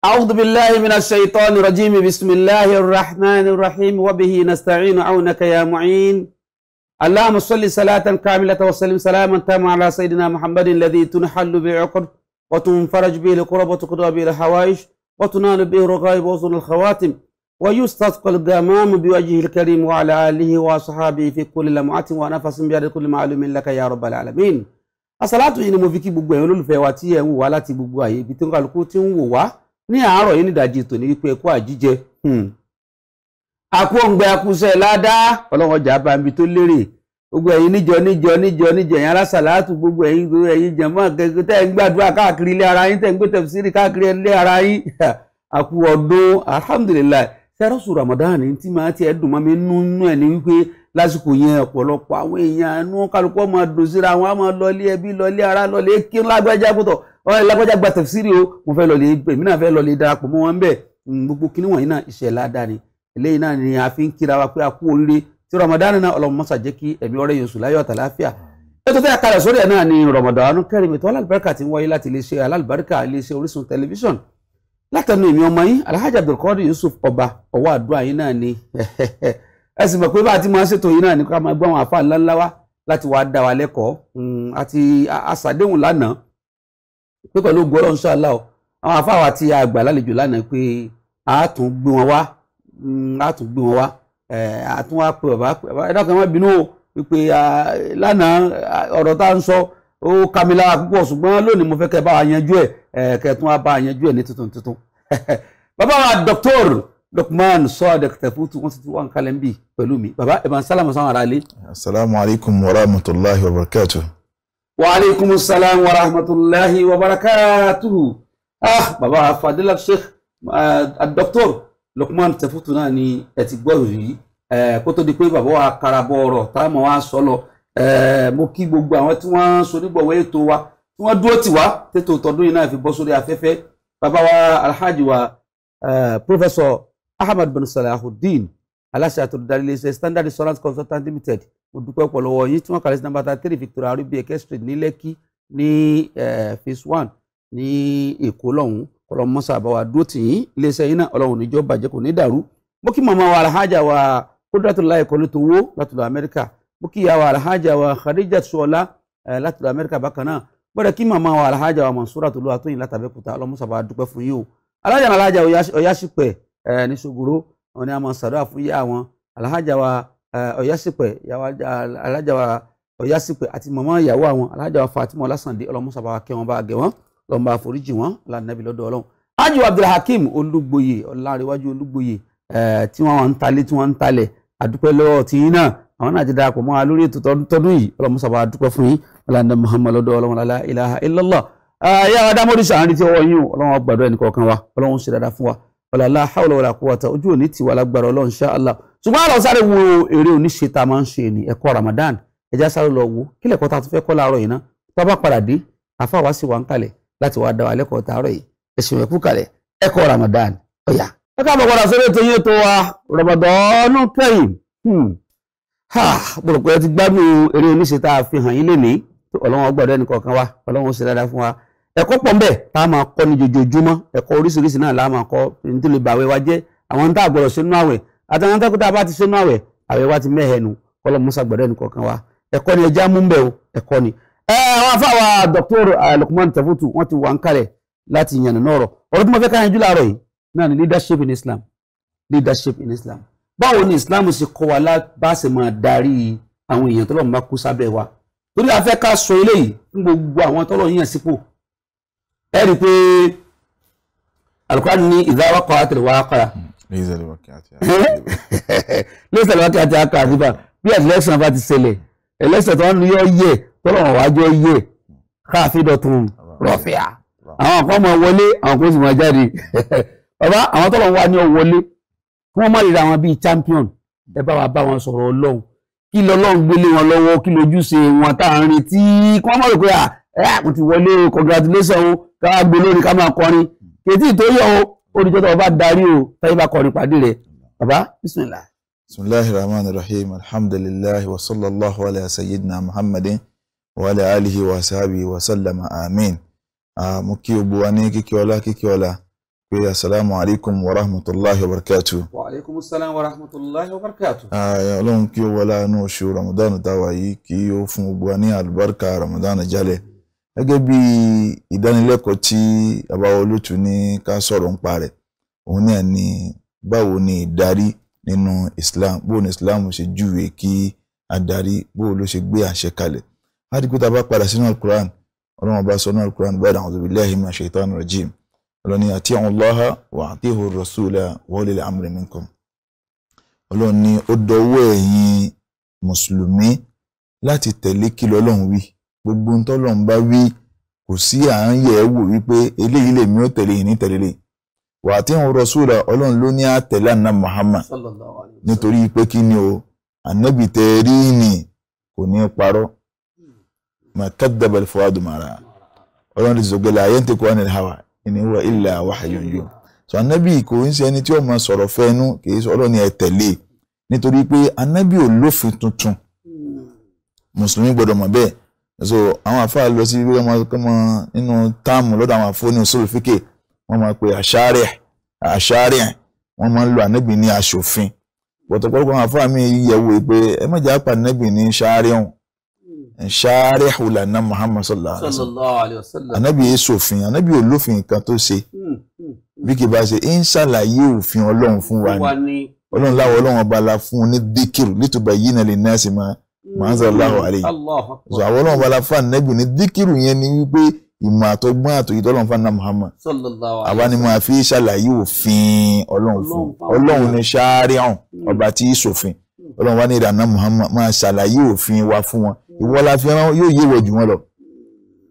أعوذ بالله من الشيطان الرجيم بسم الله الرحمن الرحيم وبه نستعين عونك يا معين اللهم صل صلاة كاملة وسلم سلاما تاما على سيدنا محمد الذي تنحل بعقد وتنفرج به القرب وتقضى به الحوائج وتنال به الرغائب وزن الخواتم ويستسقى الغمام بوجهه الكريم وعلى آله وصحابه في كل لمعات ونفس بيد كل معلوم لك يا رب العالمين asalatu إن ni mo fi kí gbogbo ẹ̀yin olólùfẹ́ wa tí ní àárọ̀ yìí nídàájí tòní wípé ẹkú àjíjẹ àkú hmm. òǹgbẹ àkúṣẹ ládàá ọlọ́run ọjà bá mi tó lérè gbogbo ẹ̀yin níjọ níjọ níjọ níjọ ẹ̀yin alásàlátù gbogbo ẹ̀yin gbogbo ẹ̀yin jẹmọ gẹ́gẹ́ tẹ́ ń gbàdúrà káàkiri ilé ara yín tẹ́ ń gbé tẹfsiri káàkiri ilé ara yín àkú ọdún alhamdulilayi sẹrọsù ramadan tí máa tiẹ̀ dùn mọ́ mi nínú ẹ ní wípé lásìkò yẹn ọ̀pọ̀lọpọ̀ àwọn èèyàn ẹnu kálukọ máa dùn síra wọn á máa lọlé ẹbí lọlé ara lọlé kí ńlá gbẹjẹ kótó ọ̀rẹ́ lágbájá gba tẹ̀síìrì o mo fẹ́ lọ lè èmi náà fẹ́ lọ lè darapọ̀ mọ́ wọn bẹ́ẹ̀ hmm, gbogbo kíní wọ̀nyí náà iṣẹ́ ládàá ni eléyìí náà ni a fi ń kíra wa pé a kú oríire tí Ramadan náà Ọlọ́run mọ́sà jẹ́ kí ẹ̀mí ọ̀rẹ́ yóò sùn láyọ̀ àtàláfíà ètò tí a kalẹ̀ sórí ẹ̀ náà ni Ramadan Kareem ètò alálùbáríkà ti ń wáyé láti iléeṣẹ́ alálùbáríkà iléeṣẹ́ Orísun tẹlifíṣọ̀n látẹnu èmi ọmọ yín Alhaji Abdulkadir Yusuf ọba ọwọ́ àdúrà yín náà ni ẹ sì mọ̀ pé bá a ti máa ṣètò yín náà ni ká máa gbọ́ àwọn àfa ńláńlá wa láti wàá dá wa lẹ́kọ̀ọ́ hmm, àti àṣàdéhùn lánàá pé pẹ̀lú ògo Ọlọ́run ṣáàlá o àwọn afáwà tí a gbà lálejò lánàá pé a tún gbé wọn wá mm, a tún gbé wọn wá eh, a tún wá pé bàbá ẹ dákun ẹ má bínú o wípé lánàá ọ̀rọ̀ tá à ń sọ ó ká mi lára púpọ̀ ṣùgbọ́n lónìí mo fẹ́ kẹ́ bá wa yanjú ẹ̀ eh, kẹ́tún wá bá wa yanjú ẹ̀ ní tuntun tuntun bàbá wa Dr. Lukman Sadiq Tefutu wọ́n ti ti wà ń kalẹ̀ ń bì pẹ̀lú mi bàbá ẹ̀ máa ń sálàmù sáwọn ará ilé. asalaamualeykum wa rahmatulahi wa barakatuh wàhálẹ́kùn salam wa rahmatulahi wa barakatuhu ah bàbá fadila sheikh ah, dr lukman tefutu náà ni ẹ ti gbọ́ yìí eh, kó tó di pé bàbá wa karabọ̀ ọ̀rọ̀ táwọn wa sọ lọ eh, mo kí gbogbo àwọn tí wọ́n ń sonígbọ̀wọ́ ètò wa tí wọ́n dúró tì wá tètò tọdún yìí náà fi bọ́ sórí afẹ́fẹ́ bàbá wa alhaji wa eh, professor ahmed bin salahuddin aláṣẹ àtòdàrí iléeṣẹ́ standard insurance consultant limited mo dúpẹ́ pọ̀ lọ́wọ́ yín tí wọ́n kàlẹ́ sí nàmbà three victoria arúbíẹ̀kẹ́ street ní lẹ́kí ní phase one ní èkó lọ́hùn kọlọmọsà àbáwá dúró tì yín iléeṣẹ́ yín náà ọlọ́run níjọ bàjẹ́ kò ní dàrú mo kí wa alhaja wa kódàtúláì kọ́lé tó wó látọ̀dọ̀ amẹ́ríkà mo kí wa alhaja wa khadija suola látọ̀dọ̀ amẹ́ríkà bákan náà bọ́dẹ̀ kí màmá wa alhaja wa mansura tó lọ́wọ́ àtúnyìn látàbẹ́kúta ọlọ́mọsà àbáwá dúpẹ́ fún yín o alhaja alhaja oyasipẹ ní sogoro wọn ni a máa ṣàdúrà fún ìyá wọn alhaja wa ọ̀yásípẹ̀ alhaja wa ọ̀yásípẹ̀ àti màmá ìyàwó àwọn alhaja wa fatima ọlásàndé ọlọmọsàbà wa kẹ́ wọn bá gẹ̀ wọn lọ́n bá foríjì wọn lánàbí lọ́dọ̀ ọlọ́run ájú abdulhakeem olúgboyè ọláréwájú olúgboyè tí wọ́n ń talé tí wọ́n ń talẹ̀ àdúpẹ́ lọ́wọ́ tí yín náà àwọn náà ti darapọ̀ mọ́ wa lórí ètò tọdún yìí ọlọ́mọsàbà àdúpẹ́ fún yín ọlànà muhammad lọ́dọ̀ ọlọ́run la ilaha illallah yàrá dámọ́dúnṣà àárín tí ọwọ́ yín ọlọ́run gbàdúrà ẹnì kọ̀ọ̀kan wa ọlọ́run ṣe dáadáa fún wa ọ̀làlá haúlọ̀ wọ̀là kó wàtà ojú òní tiwa lágbára ọlọ́run ṣá allah ṣùgbọ́n àlọ́ sáré wo eré oníṣe tá a máa ń ṣe ní ẹ̀kọ́ ramadan ẹja sáré lọ wo kílẹ̀ kọ́ta tó fẹ́ kọ́ láàárọ̀ yìí ná tó bá padà dé àfa wa sì wà ń kalẹ̀ láti wá da wa lẹ́kọ̀ọ́ tààrọ̀ yìí ẹ̀sìn ẹ̀kú kalẹ̀ ẹ̀kọ́ ramadan ọ̀yà. ẹ káàbọ̀ padà sórí ètò yín ètò wa ramadan kẹ́yìn gbọ̀dọ̀ hmm. ẹ ti gbádùn eré oníṣe tá a fi hàn yín lénìí ẹ̀kọ́ pọ̀ ńbẹ̀ tá a máa kọ́ ní jojoojúmọ́ ẹ̀kọ́ oríṣiríṣi náà la máa kọ́ ní tó lè bàwẹ̀ wa jẹ́ àwọn tá a gbọ́dọ̀ ṣe nú àwẹ̀ àtàwọn tá a bá ti ṣe àwẹ̀ àwẹ̀ wa ti mẹ́hẹ̀ẹ́nu kọ́lọ́ musa gbọ́dọ̀ ẹnì kọ̀ọ̀kan wa ẹ̀kọ́ ni ẹja mú ńbẹ̀ o ẹ̀kọ́ ni. ẹ àwọn afáwa Dr. alukuman eh, Tafutu wọn ti wà ń kalẹ̀ láti yànnà náà rọ̀ ọ̀rọ̀ tí mo fẹ́ ká yanjú láàárọ̀ yìí náà ni leadership in Islam leadership in Islam báwo Islam ṣe kọ́ wa bá ṣe máa darí àwọn èèyàn tọ́lọ́ máa kú sábẹ́ wa torí a fẹ́ ẹ rí i pé alukwani ní ìdáwọ́kọ̀ àtẹ̀wá akọ̀yà. lẹ́sẹ̀ lọ́kẹ́ àti akọ̀ àdìbà bí ẹ̀lẹ́sìn bá ti ṣẹlẹ̀ ẹ̀lẹ́sìn tó ń yọ yẹ tọ́lọ̀ wọn wájú yẹ káàfin dọ̀tun rọ̀fìà àwọn kan máa wọlé àwọn kan sì máa jáde bàbá àwọn tọ́lọ̀ wọn wá ní ọwọlé kí wọ́n má lè ra wọn bíi champion ẹ bá wa bá wọn sọ̀rọ̀ ọlọ́run kí lọ́lọ́run gbélé wọn lọ́wọ́ kí lójúṣe wọn tá ń retí kí wọ́n má rò pé à ẹ mo ti wọlé congratulation o káwá gbé lórí ká máa kọrin kètì tó yọ o olùjọ́ tó bá darí o táyé bá kọrin pàdé rẹ̀ bàbá bisimilah. bisimilahi rahman rahim alhamdulilahi wa sallallahu alayhi wa sayyidina muhammadin wa ala alihi wa sahabi wa sallama amin. mo kí o bu wa ní kíkí ọlá kíkí ọlá pé asalaamu alaykum wa rahmatulahi wa barakatu. wa aleykum salaam wa rahmatulahi wa barakatu. ọlọ́run kí o wọlé inú oṣù ramadan táwa yìí kí o fún gbogbo wa ní àlùbáríkà ramadan jálẹ̀ gẹ́gẹ́ bí ìdánilẹ́kọ̀ọ́ tí bàbá olótù ní ká sọ̀rọ̀ nípa rẹ̀ òun náà ni báwo ni ìdarí nínú Islam bó ni Islam ṣe júwe kí adarí bó ló ṣe gbé àṣẹ kalẹ̀ láti pé tá a bá padà sínú alukuran ọlọ́run ọba sọ alukuran báyìí àwọn tóbi lẹ́yìn máa ṣe ìtàn rẹ̀ ọlọ́ni àti àwọn lọ́ha wà á tẹ̀hó rasúlà wọlé amri minkum ọlọ́ni ó dọwọ́ ẹ̀yin mùsùlùmí láti tẹ̀lé kí lọ́lọ́run wí gbogbo ń tọ́lọ̀ ń bá wí kò sí à ń yẹ̀ ẹ́ wò wípé eléyìí lèmi ò tẹ̀lé yìí ní tẹ̀lé wà á ti ń rọ̀ṣúra ọlọ́run ló ní àtẹ̀lé àná Muhammad nítorí pé kí ni o ànábì tẹ rí ni kò ní parọ́ mà mara ọlọ́run ti sọ̀gbẹ́ la ayẹ́ntẹ́ kó ànil hawa ìní wà illa wahyun yun so ànábì kò ń ṣe ẹni tí ó máa sọ̀rọ̀ fẹ́nu kì í sọ ọlọ́run ẹ tẹ̀lé nítorí pé ànábì ò lófin tuntun hmm. mùsùlùmí gbọ́dọ̀ mọ̀ bẹ́ẹ̀ so àwọn àfa lọ sí wíwọ́n máa kọ́mọ nínú táàmù lọ́dọ̀ àwọn àfọ́ni òṣòlùfíkè wọ́n máa pe àṣàrẹ̀ àṣàrẹ̀ wọ́n máa ń lo ànẹ́bì ní aṣòfin pọ̀tọ̀pọ̀lọpọ̀ àwọn àfa mi yẹ̀wò pé ẹ má jà pa ànẹ́bì ní ṣàrẹ̀hùn hmm. ṣàrẹ̀hùn lànà Muhammad sallallahu alayhi wa sallam ànẹ́bì yẹn ṣòfin ànẹ́bì yóò lófin nǹkan tó ṣe hmm, hmm, bí kì bá ṣe ń ṣàlàyé òfin ọlọ́run fún wa ni ọlọ́run láwọ ọlọ́run ọba la fún un ní díkìrù nítorí báyìí náà lè ná mọ́nsálàhù àlẹ́ yìí so àwọn ọlọ́run bala fan nẹ́bù ní díkìrù yẹn ni wípé ìmọ̀ àtọgbọ́n àtòyí tọ́lọ́run fan náà Muhammad àwa ni máa fi ṣàlàyé òfin ọlọ́run fún ọlọ́run ní ṣááríhàn hmm. ọba tí í ṣòfin hmm. ọlọ́run wa ní ìdáná Muhammad máa ṣàlàyé òfin wa fún wọn hmm. ìwọ la fi rán yóò yé wọ̀ jù wọn lọ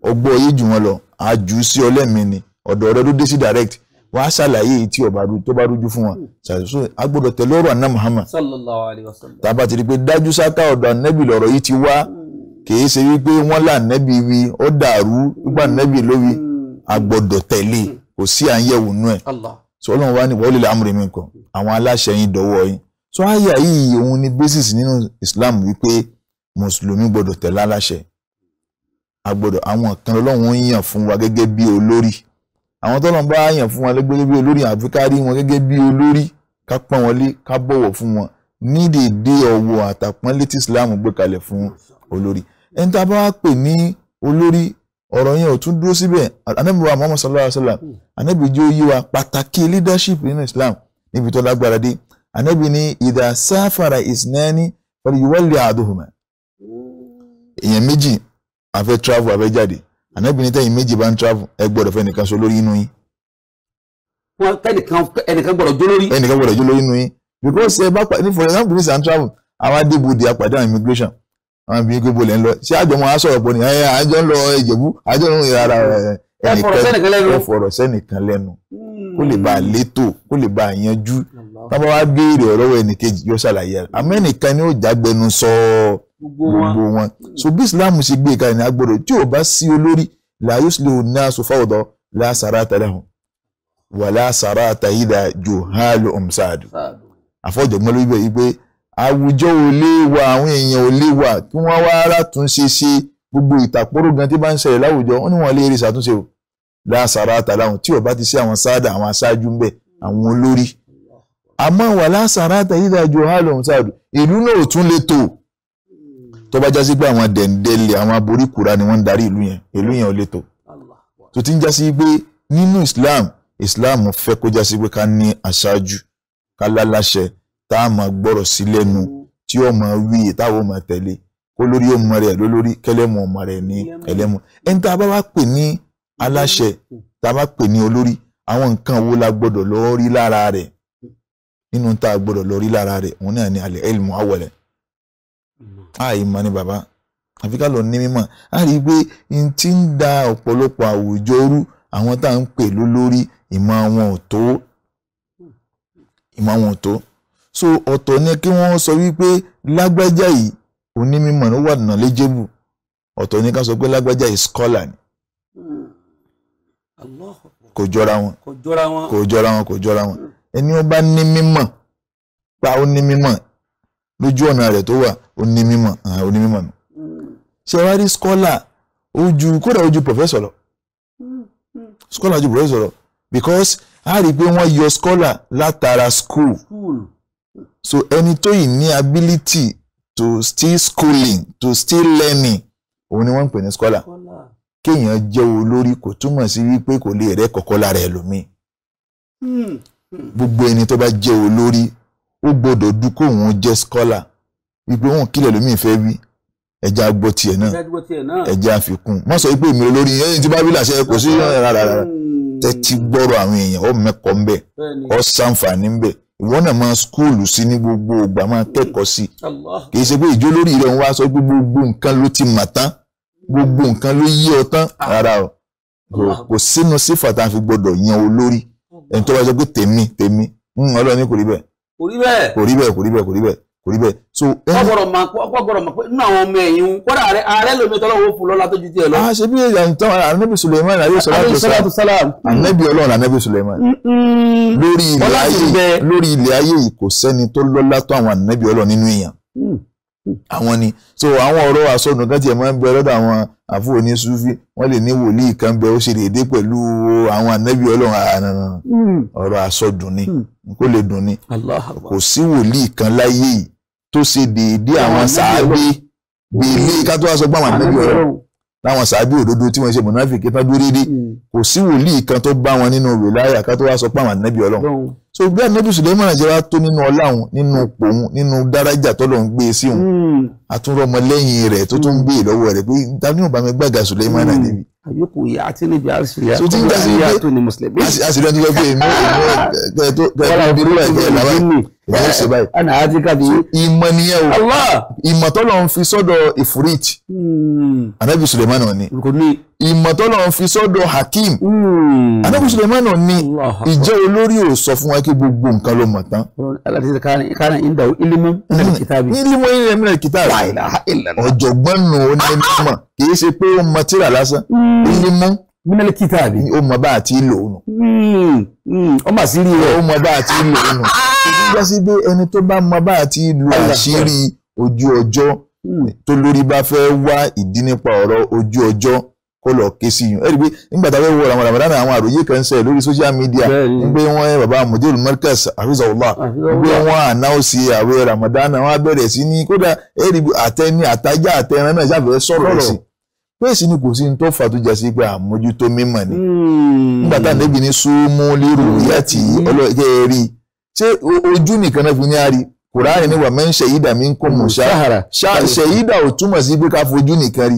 ọgbọ́ yé jù wọn lọ àjù sí ọlẹ́mìí ọ̀dọ̀ ọ̀dọ́ ló sí direct wàá ṣàlàyé èyí tí tó bá rújú fún wọn ṣàṣìṣe agbọ́dọ̀ tẹ̀lé ọ̀rọ̀ àná Muhammad sallallahu alaihi wasallam tàbá ti rí pé dájú sáká ọ̀dọ̀ ànẹ́bì lọ̀rọ̀ yìí ti wá kìí ṣe wípé wọ́n là ànẹ́bì wí ó dàrú wípé ànẹ́bì ló wí agbọ́dọ̀ kò sí àyẹ̀wò nú ẹ̀ sọ Ọlọ́run wá ní wọ́n lè amúre mi kan àwọn aláṣẹ yín dọ́wọ́ yín sọ àyà yìí òun ni basis nínú Islam wípé mùsùlùmí gbọ́dọ̀ tẹ̀lé aláṣẹ agbọ́dọ̀ àwọn kan Ọlọ́run yàn fún wa gẹ́gẹ́ bí olórí àwọn tọ́lọ̀ ń bá yàn fún wọn lẹ́gbẹ́lẹ́ bí olórí àfi ká rí wọn gẹ́gẹ́ bí olórí ká pọ́n wọn lé ká bọ̀wọ̀ fún wọn ní dèédé ọ̀wọ̀ àtàpọ́nlé tí Islam gbé kalẹ̀ fún olórí ẹni tá a bá wá pè ní olórí ọ̀rọ̀ yẹn ò tún dúró síbẹ̀ anábì wa Muhammad sallallahu alayhi wa sallam anábì jẹ́ oyé wa pàtàkì leadership nínú Islam níbi tó lágbára dé anábì ní ìdá sáfàrà ìsìnẹ́ni pẹ̀lú ìwọ́lẹ̀ àdóhùnmá èèyàn méjì àfẹ́ travel àfẹ́ jáde ànábìnrin tẹ́yìn méjì bá ń travel ẹ gbọ́dọ̀ fẹ́ nìkan so lórí inú yín. wọn kẹ́nìkan ẹnìkan gbọ́dọ̀ jó lórí. ẹnìkan gbọ́dọ̀ jó lórí inú yín because ẹ bá pàdé for example this and travel àwọn adébòde àpàdé àwọn immigration àwọn ibi gbogbo lẹ́ ń lọ ṣé àjọmọ asọ̀rọ̀ pọ̀ ni ẹ àjọ ń lọ ìjẹ̀bú àjọ ń rìn ara ẹ fọ̀rọ̀ sẹ́nìkan lẹ́nu hmm. kó lè bá a létò kó lè bá a yanjú tábà wá béèrè ọ̀rọ̀ ẹnìkejì yóò ṣàlàyé àmọ́ ẹnìkan ni ó jágbẹnu gbogbo wọn so bí islam ṣe gbé ìkàlẹ̀ ní agbọ́dọ̀ tí ò bá sí olórí láyé sílẹ̀ ò ní aṣọ fáwọ̀dọ̀ lásàrà tẹ̀lẹ́hùn wà lásàrà tàyídà jò hálù ọ̀mùsáàdù àfọ̀jọ̀gbọ́n ló bẹ̀ yí pé àwùjọ ò lè wà àwọn èèyàn ò lè wà kí wọ́n wá látúnṣe ṣe gbogbo ìtàkùrọ̀ gan tí bá ń ṣẹlẹ̀ láwùjọ wọn ni wọ́n lè rí ṣàtúnṣe o lásàrà tàláhùn tí ò bá ti sí àwọn sáàdà àwọn aṣáájú ń àwọn olórí àmọ́ wà lásàrà tàyídà jò hálù ọ̀mùsáàdù ìlú náà ò tún le tó tó bá jásí pé àwọn dẹ̀ndẹ̀lẹ̀ àwọn aboríkùra ni wọ́n ń darí ìlú yẹn ìlú yẹn ò lè tò tó ti ń jásí pé nínú Islam Islam fẹ́ kó jásí pé ká ní aṣáájú ká láláṣẹ tá a máa gbọ́rọ̀ sí lẹ́nu tí ó máa wí táwọn máa tẹ̀lé kó lórí ọmọ rẹ̀ lólórí kẹlẹ́mọ ọmọ rẹ̀ ní ẹlẹ́mọ ẹni tá a bá wá pè ní aláṣẹ tá a bá pè ní olórí àwọn nǹkan wo la gbọ́dọ̀ lọ rí lára rẹ̀ nínú tá a gbọ́dọ̀ lọ rí lára rẹ̀ òun náà ni alẹ́ elmu awọlẹ̀ àìmọ̀ ni bàbá àfi ká lọ ní mímọ̀ á rí pé n ti ń da ọ̀pọ̀lọpọ̀ àwùjọ rú àwọn tá à ń pè lólórí ìmọ̀ àwọn ò tó ìmọ̀ àwọn ò tó so ọ̀tọ̀ ni kí wọ́n sọ wípé lágbájá yìí onímọ̀ ló wà knowledgeable ọ̀tọ̀ ni ká sọ pé lágbájá yìí scholar ni kò jọra wọn kò jọra wọn kò jọra wọn ẹni wọn bá ní mímọ̀ pa ó lójú ọ̀nà rẹ̀ tó wà onímọ̀ onímọ̀ nù. ṣé wàá rí skọ́là ojú kódà ojú pòfẹ́sọ̀ lọ skọ́là ojú pòfẹ́sọ̀ lọ because a rí i pé wọ́n yọ skọ́là látara school so ẹni tó yìí ní ability to still schooling to still learning òun ni wọ́n ń pè ní skọ́là kéèyàn jẹ́ olórí kò túmọ̀ sí wípé kò lè rẹ́ kọ̀kọ́ lára ẹlòmíì hmm. Hmm. gbogbo ẹni tó bá jẹ́ olórí ó gbọ́dọ̀ du kóun jẹ́ scholar wípé wọn kílẹ̀ lómi ìfẹ́ wí ẹja gbọ́ tiẹ̀ náà ẹja àfikún mọ́ sọ pé èmi olórí ẹ̀yìn tí bábílà ṣe kò sí rárá rárá tẹ́tí gbọ́rọ̀ àwọn èèyàn ó mẹ́kọ̀ọ́ ń bẹ̀ ó ṣàǹfààní ń bẹ̀ ìwọ náà máa skúlù sí ní gbogbo ìgbà máa kẹ́kọ̀ọ́ sí kì í ṣe pé ìjọ lórí rẹ̀ ń wá sọ pé gbogbo nǹkan ló ti mà tán gbogbo nǹkan ló yí ọ tán ah. rárá o kò sínú sífà tá a fi gbọdọ̀ yan olórí ẹni tó bá sọ pé tèmi tèmi hmm, ọlọ́run ní kò rí bẹ́ẹ̀ kò rí bẹ́ẹ̀ kò rí bẹ́ẹ̀ kò rí bẹ́ẹ̀ kò rí bẹ́ẹ̀ kò rí bẹ́ẹ̀ so. ọgbọdọ ma ọgbọdọ ma pé nínú àwọn ọmọ ẹ̀yìn kódà ààrẹ ààrẹ lomi tọ́lọ́wọ́ fún lọ́la tó ju tiẹ̀ lọ. a ah, ṣe bí èèyàn tán anabi suleiman ayé sọlátù sálàm anabi ọlọ́run anabi suleiman. lórí ilẹ̀ ayé lórí ilẹ̀ ayé yìí kò sẹ́ni tó lọ́lá tó àwọn anabi ọlọ́run nínú èèyàn. Mm àwọn ni so àwọn ọ̀rọ̀ àsọnù kan tiẹ̀ máa ń bẹ lọ́dọ̀ àwọn àfúrò ní sufi wọ́n lè ní wòlíì kan bẹ ó ṣe déédéé pẹ̀lú àwọn ànábì ọlọ́run àrànà ah, hmm. ọ̀rọ̀ àsọdùn ni hmm. kó lè dùn ni kò sí wòlíì kan láyé yìí tó ṣe déédéé àwọn sàábé bèèlè ká tó wá sọ pé àwọn ànábì ọlọ́run láwọn sàábé òdodo tí wọ́n ṣe mọ̀nàfíkì tán dúró déédéé hmm. kò sí wòlíì kan tó bá wọn nínú wìláyà ká tó wá sọ pé àwọn ànábì ọlọ́run so bí anabi suleiman àjẹwà tó nínú ọlá òun nínú ipò òun nínú dárájà tó lòun gbé sí òun àtúnrọ ọmọlẹ́yìn rẹ̀ tó tún gbé lọ́wọ́ rẹ̀ pé dání ò bá mi gbàgà suleiman àdébí. àyòkù ìyá àti níbi àṣìlẹ̀ àti níbi àṣìlẹ̀ àti níbi àṣìlẹ̀ àti níbi àṣìlẹ̀ àti níbi àṣìlẹ̀ àti níbi àṣìlẹ̀ èyí ṣe báyìí. ana àti kàbí. ìmọ̀ nìyẹn o ìmọ̀ tọ́lọ̀ ń fi sọ́dọ̀ ìfúrìtì hmm. anabi suleiman ni ìmọ̀ tọ́lọ̀ ń fi sọ́dọ̀ hakim anabi hmm. suleiman ni ìjẹ́ olórí ò sọ fún wa kí gbogbo nǹkan ló mọ̀ tán. aláàtí kánà ìdá ilimu nílẹ̀ kìtàbí. ilimu nílẹ̀ kìtàbí ọ̀jọ̀gbọ́n nù ó ní mímọ̀ kì í ṣe pé ó mọ tíra lásán hmm. ilimu mímẹ́lẹ̀ kíta bí. ó mọ bá àti lò ó nù. Hmm, hmm, ó mà sí rí rẹ̀. ó mọ bá àti lò ó nù. èyí já sí pé ẹni tó bá mọ bá àti lo àṣírí ojú ọjọ́ hmm. tó lórí bá fẹ́ wá ìdí nípa ọ̀rọ̀ ojú ọjọ́ kó lọ ké sí yun ẹ rí i pé nígbà tá a fẹ́ wọ ramadan ramadan àwọn àròyé kan sẹ̀ lórí social media nígbà wọn ẹ baba mudul markaz afizahullah nígbà wọn ànáwọ̀sì àwẹ̀ ramadan wọn abẹ́rẹ́ sí ní kódà ẹ rí i àtẹni àtajà àtẹran náà ṣàfẹ́ sọ̀rọ̀ sí i bẹ́ẹ̀ sì ni kò sí tó fà tó jásí pé àmójútó mímọ̀ ni hmm. nígbà tá níbi ní súnmú lérò hmm. yàtì ọlọ́ọ̀jẹ́ rí ṣé ojú nìkan náà fi ní àárí kùránì ni wà mẹ́ń ṣèyídà mi ń kó mọ̀ ṣáhàrà ṣèyídà ò túmọ̀ sí pé ká fojú nìkan rí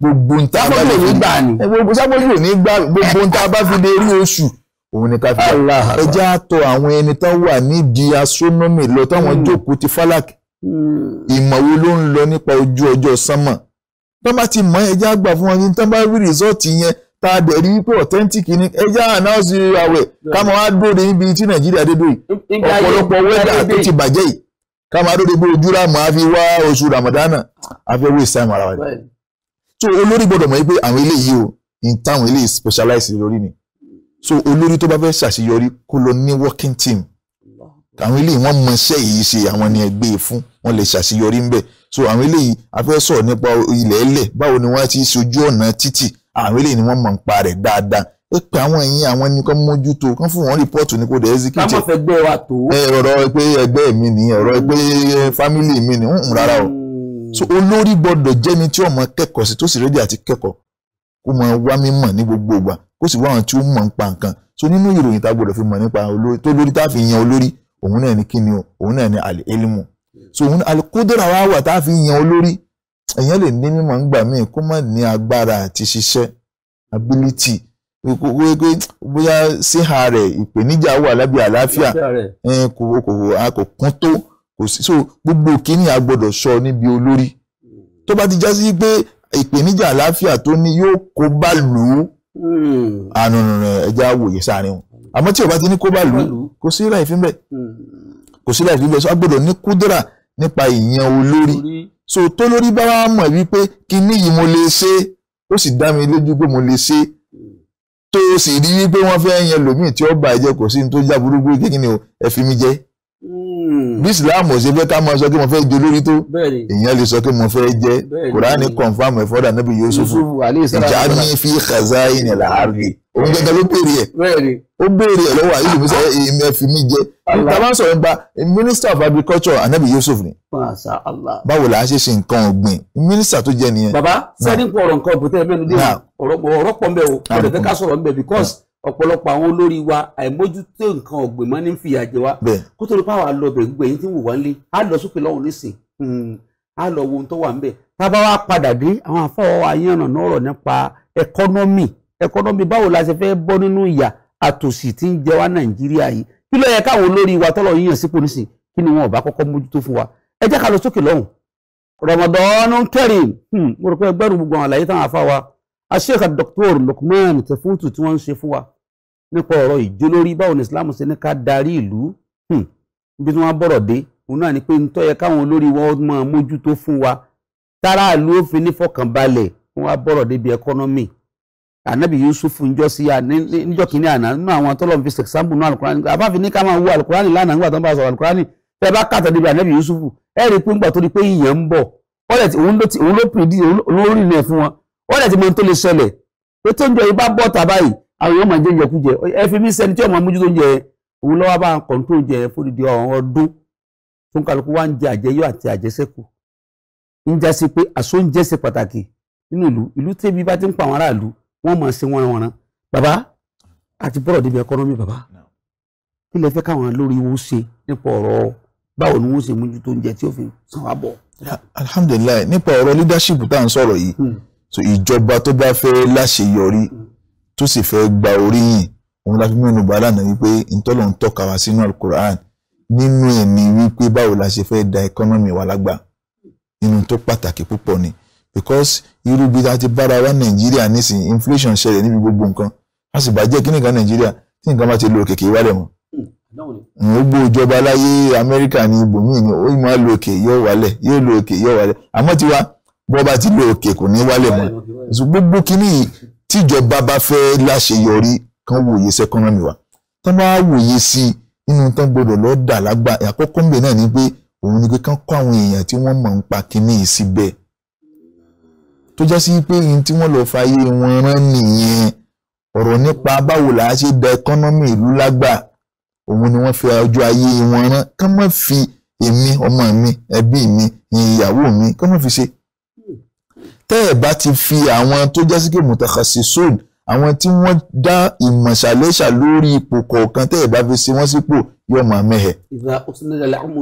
gbogbo ń tá bá fi gbà ní gbogbo sábọ́jù ní gbà gbogbo ń tá bá fi dé rí oṣù òun ni ká fi gbà ẹ àtọ̀ àwọn ẹni tó wà nídìí astronomy lọ táwọn hmm. jókòó ti falak ìmọ̀ wo ló ń lọ nípa ojú ọjọ́ sánmọ̀ tán bá ti mọ̀ ẹja gbà fún wọn ní tán bá rí rìsọ́ọ̀tì yẹn tá a dẹ̀ rí pé authentic ni ẹja ànáàsì àwẹ̀ ká máa dóde níbi tí nàìjíríà dédò yìí ọ̀pọ̀lọpọ̀ wẹ́dà tó ti bàjẹ́ yìí ká máa dóde pé ojú ràmù á fi wá oṣù ramadana á fẹ́ wé sáìmù ara wa dẹ̀ so olórí gbọ́dọ̀ mọ̀ pé àwọn eléyìí o in táwọn eléyìí specialize lórí ni so olórí tó bá fẹ́ ṣàṣeyọrí kó lọ ní working team àwọn eléyìí wọ́n mọ iṣẹ́ yìí ṣe àwọn ni ẹgbẹ́ e fún wọ́n lè ṣàṣeyọrí ńbẹ̀ so àwọn eléyìí a fẹ́ sọ̀rọ̀ nípa ilẹ̀ ẹlẹ̀ báwo ni wọ́n ti ṣojú ọ̀nà títì àwọn eléyìí ni wọ́n mọ̀ ń pa rẹ̀ dáadáa ó pe àwọn ẹ̀yìn àwọn ẹni kan mójútó kan fún wọn rìpọ́ọ̀tù ní kò dé ẹ́síkìtì. káwọn fẹ́ gbé wa tó. ẹ ọ̀rọ̀ pé ẹgbẹ́ mi ni ọ̀rọ̀ pé fámìlì mi ni ń rárá o. so olórí gbọ́dọ̀ jẹ́ni tí ọmọ kẹ́kọ̀ọ́ sí tó sì rédí àti kẹ́kọ̀ọ́ kó mọ wá mímọ̀ ní gbogbo ìgbà kó sì wá àwọn tí ó mọ̀ nípa nǹkan so nínú ìròyìn tá a gbọ́dọ̀ fi mọ̀ nípa olórí tó lórí tá a fi yan olórí òun náà ni kíni o òun náà ni àlè elimu sòun alikódèrà wa wà tá a fi yan olórí èèyàn lè ní mímọ̀ ń gbà míì kó má ní agbára àti ṣiṣẹ́ ability wípé bóyá síhà rẹ̀ ìpèníjà wà lábẹ́ àlàáfíà kò kò kò kún tó kò sí so gbogbo kínní a gbọ́dọ̀ sọ níbi olórí tó bá ti já sí pé ìpèníjà àlàáfíà tó ní yóò kó bá lù ú ànànà hmm. ah, ẹja wòye sáárín wọn àmọ́ tí o bá ti ní kó bá lù ú kò sí láì fi hmm. kò sí láì fi so a gbọ́dọ̀ ní kúdúrà nípa ìyẹn olórí so tó lórí bá wá mọ̀ wípé kinní yìí mo lè ṣe ó sì dá mi lójú pé mo lè ṣe tó o sì rí wípé wọ́n fẹ́ yan lòmíì tí ó bàjẹ́ kò sí ní tó já burúkú kékeré o ẹ fi mi jẹ́ Hmm. bí islam ò ṣe fẹ́ ká máa sọ pé mo fẹ́ jẹ olórí tó èèyàn lè sọ pé mo fẹ́ jẹ kùránì confam ẹ̀ fọ́dà níbi yusuf ìjà ní fi khazain ẹ̀ làárì òun gẹ́gẹ́ ló béèrè ẹ̀ ó béèrè ẹ̀ lọ́wọ́ àyè ìmísà ah. èmi ẹ̀ fi mí jẹ tá a bá ń sọ̀rọ̀ nípa minister of agriculture anabi yusuf ni báwo la ṣe ṣe nǹkan ọ̀gbìn minister tó jẹ nìyẹn. baba sẹ́ni kú ọ̀rọ̀ nǹkan ọ̀gbìn tẹ́lẹ̀ mẹ́nu dé ọ̀rọ̀ pọ̀ ń bẹ̀ o kò ọ̀pọ̀lọpọ̀ àwọn olórí wa àìmójútó nǹkan ọ̀gbìn mọ́ ní fìyà jẹ wa kó tó lè pa àwọn àlọ́bẹ̀ gbogbo èyí tí ń wò wá nílé á lọ sókè lọ́hùn nísìn á hmm. lọ wo ohun tó wà ń bẹ̀ tá a bá wá padà dé àwọn àfọwọ́ ayéhànà náà rọ̀ nípa ẹkọ́nọ́mì ẹkọ́nọ́mì báwo la ṣe fẹ́ bọ́ nínú ìyà àtòsí tí ń jẹ wá Nàìjíríà yìí kí ló yẹ káwọn olórí wa tọ́lọ̀ yíyàn sípò nísìn kí Ramadan Kareem hmm. mo rò pé ẹgbẹ́rún gbogbo àwọn àṣeyọ̀kà Dr. Lukman Tefutu tí wọ́n ń ṣe fún wa nípa ọ̀rọ̀ ìjólórí báwo ni Islam ṣe ní ká darí ìlú níbi hmm. tí wọ́n dé òun náà ni pé ń tọ́ káwọn olórí wọn máa mójútó fún wa tára ìlú ó fi ní fọkànbalẹ̀ wọ́n wá bọ̀rọ̀ débi ẹkọ́nọ́mì ànábì Yusuf njọ́ sí njọ́ kínní àná nínú àwọn tọ́lọ́mù fi sẹ̀sáàmù náà alukurani àbáfin ní ká máa wo alukurani lánàá nígbà tó ń bá sọ̀rọ̀ alukurani tẹ́ bá kàtà débi ànábì Yusuf ẹ̀ rí i pé ńgbà tó di pé ìyẹn ń bọ̀ òun ló pìdí òun ló rìn lẹ̀ fún wọn wọ́n dẹ̀ ti mọ tó lè ṣẹlẹ̀ pé tó ń jọ ibà bọ́ tàbá yìí àwọn yóò máa jẹ́ ìjẹkújẹ ẹ fi mí sẹ́ni tí ọmọ mójútó ń jẹ òun lọ́wọ́ bá ń kọ̀ǹtó jẹ fódìdí ọ̀hún ọdún tó ń kálukú wá ń jẹ àjẹyó àti àjẹsẹ́kù ń já sí pé àṣọ ń jẹ́ ṣe pàtàkì nínú ìlú ìlú tẹ́bi bá ti ń pa àwọn aráàlú wọ́n máa ṣe wọ́n wọn bàbá àti bọ́rọ̀ débi ẹkọ́nọ́mì bàbá kí lẹ fẹ́ káwọn lórí wo ṣe nípa ọ̀rọ̀ báwo ni wọ́n ṣe mójútó oúnjẹ tí ó fi san wá bọ̀. alhamdulilayi nípa ọ̀rọ̀ leadership tá à ń sọ̀rọ̀ yìí hmm so ìjọba tó bá fẹ́ láṣeyọrí tó sì fẹ́ gba oríyìn òun la fi mẹ́nu bá lánàá wípé ntọ́lọ̀ ń tọ́ka wá sínú alukur'an nínú ẹ̀ ni wípé báwo la ṣe fẹ́ da ẹkọ́nọ́mì wa lágbà nínú tó pàtàkì púpọ̀ ni because irú bí a ti bára wá nàìjíríà nísìnyí inflation ṣẹlẹ̀ níbi gbogbo nǹkan a sì bá jẹ́ kí nìkan nàìjíríà tí nǹkan bá ti lo òkèké wálẹ̀ mọ́ gbogbo ìjọba láyé amẹ́ríkà ni ibòmíì ni ó máa lo òkè yóò wálẹ̀ yóò lo òkè yóò wálẹ̀ àmọ́ tiwa bọ́ba ti lọ òkè kò ní wálé mọ́ gbogbo kínní tíjọba bá fẹ́ láṣeyọrí kan wòye sẹ́kọ́nọ́mì wa tán bá wòye sí nínú tán gbọdọ̀ lọ́ọ́ dà lágbà àkọ́kọ́ ńbẹ náà ni pé òun ni pé kán kó àwọn èèyàn tí wọ́n mọ̀ ń pa kínní síbẹ̀ tó já sí pé ihun tí wọ́n lọ fàyè wọn rán nìyẹn ọ̀rọ̀ nípa báwo làá ṣe da ẹkọ́nọ́mì ìlú lágbà òun ni wọ́n fi ọjọ́ ayé wọn rán kán má fi èmi ọmọ mi ẹbí mi ìyàwó mi kán má fi ṣe tẹ́ ẹ̀ bá ti fi àwọn tó jẹ́ síkè mutakhasisun àwọn tí wọ́n dá ìmọ̀ṣàlẹ́ṣà lórí ipò kọ̀ọ̀kan tẹ́ ẹ̀ bá fi ṣe wọ́n sípò yóò máa mẹ́hẹ̀.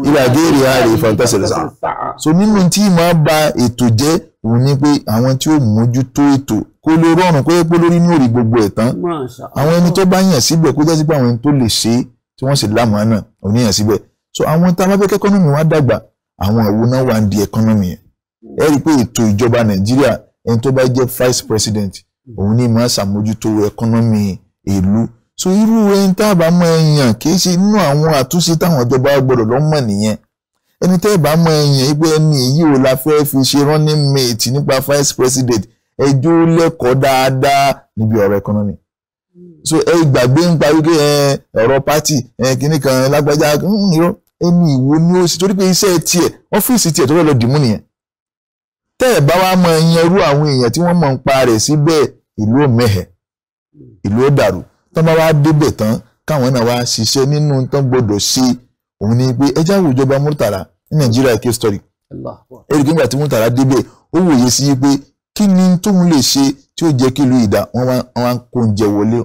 ìlà géèrè ààrẹ ìfọ̀tẹ́sẹ̀lẹ̀ sàn. so nínú tí máa ba ètò jẹ́ òun ni pé àwọn tí ó mójútó ètò kó lè rọrùn kó yẹ pé lórí ní òrì gbogbo ẹ̀ tán. àwọn ẹni tó bá yàn síbẹ̀ kó jẹ́ pé àwọn ẹni tó lè ṣe é tí wọ́n sì lámàánà òníyàn síbẹ̀. so àwọn tá a bá fẹ́ kẹ́kọ́nọ́mì wá dàgbà àwọn ẹ rí i pé ètò ìjọba nàìjíríà ẹni tó bá jẹ́ vice president òun ní máa ṣàmójútó ẹkọ́nọ́mì ìlú so irú ẹni tá a bá mọ ẹyàn kì í ṣe inú àwọn àtúnṣe táwọn ìjọba gbọ́dọ̀ lọ mọ̀ nìyẹn ẹni tẹ́ ẹ bá mọ ẹyàn yìí ẹni yìí ò la fẹ́ fi ṣe running mate nípa vice president ẹjọ́ lẹ́kọ̀ọ́ dáadáa níbi ọ̀rọ̀ ẹkọ́nọ́mì so ẹ gbàgbé ń parí pé ọ̀rọ̀ party kìíní kan lágbájá mm, irọ́ ẹni ìwo ni ó ṣe torí pé iṣẹ́ tiẹ̀ ọ́fíìsì tiẹ̀ tó fẹ́ lọ dìmú nìyẹn tẹ́ ẹ̀ bá wá mọ ẹyin ẹrú àwọn èèyàn tí wọ́n mọ̀ ń pa rẹ̀ síbẹ̀ ìlú òmẹ̀hẹ̀ ìlú òdàrú tán bá wá débẹ̀ tán káwọn náà wá ṣiṣẹ́ nínú tán gbọdọ̀ ṣe òun ni pé ẹjẹ́ àwùjọba Murtala ní Nàìjíríà kí story ẹ̀rí kí n gbà tí Murtala débẹ̀ ó wòye sí pé kí ni tóun lè ṣe tí ó jẹ́ kí ìlú ìdá wọ́n wá kó oúnjẹ wọlé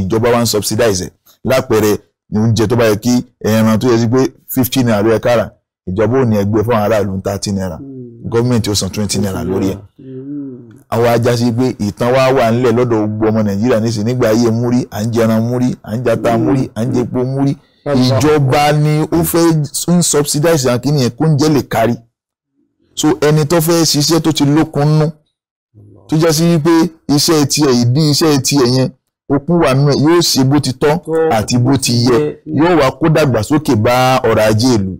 ìjọba wá ń subsidize ẹ̀ lápẹẹrẹ oúnjẹ tó bá yẹ kí ẹran tó yẹ sí pé fifteen naira ló kára ìjọba ò ní ẹgbẹ́ fún aráàlú ń thirty naira hmm. gọ́ọ̀mẹ̀ntì ó san twenty naira lórí ẹ̀ hmm. àwọn ajá sí pé ìtàn wa wà nílẹ̀ lọ́dọ̀ gbogbo ọmọ nàìjíríà nísìnyí nígbà ayé múrí à ń jẹran múrí à ń jata hmm. múrí à ń jẹpo múrí ìjọba ni ó fẹ́ ń subsidize àwọn kìnìyàn kó ń jẹ́ lè kárí so ẹni tó fẹ́ ṣiṣẹ́ tó ti lókun nú tó jẹ́ sí wípé iṣẹ́ tiẹ̀ ìdí iṣẹ́ tiẹ̀ yẹn okun wà nù ẹ̀ yóò ṣe bó ti tọ́ àti bó ti yẹ yóò wá kó dàgbàsókè bá ọrọ̀ ajé ìlú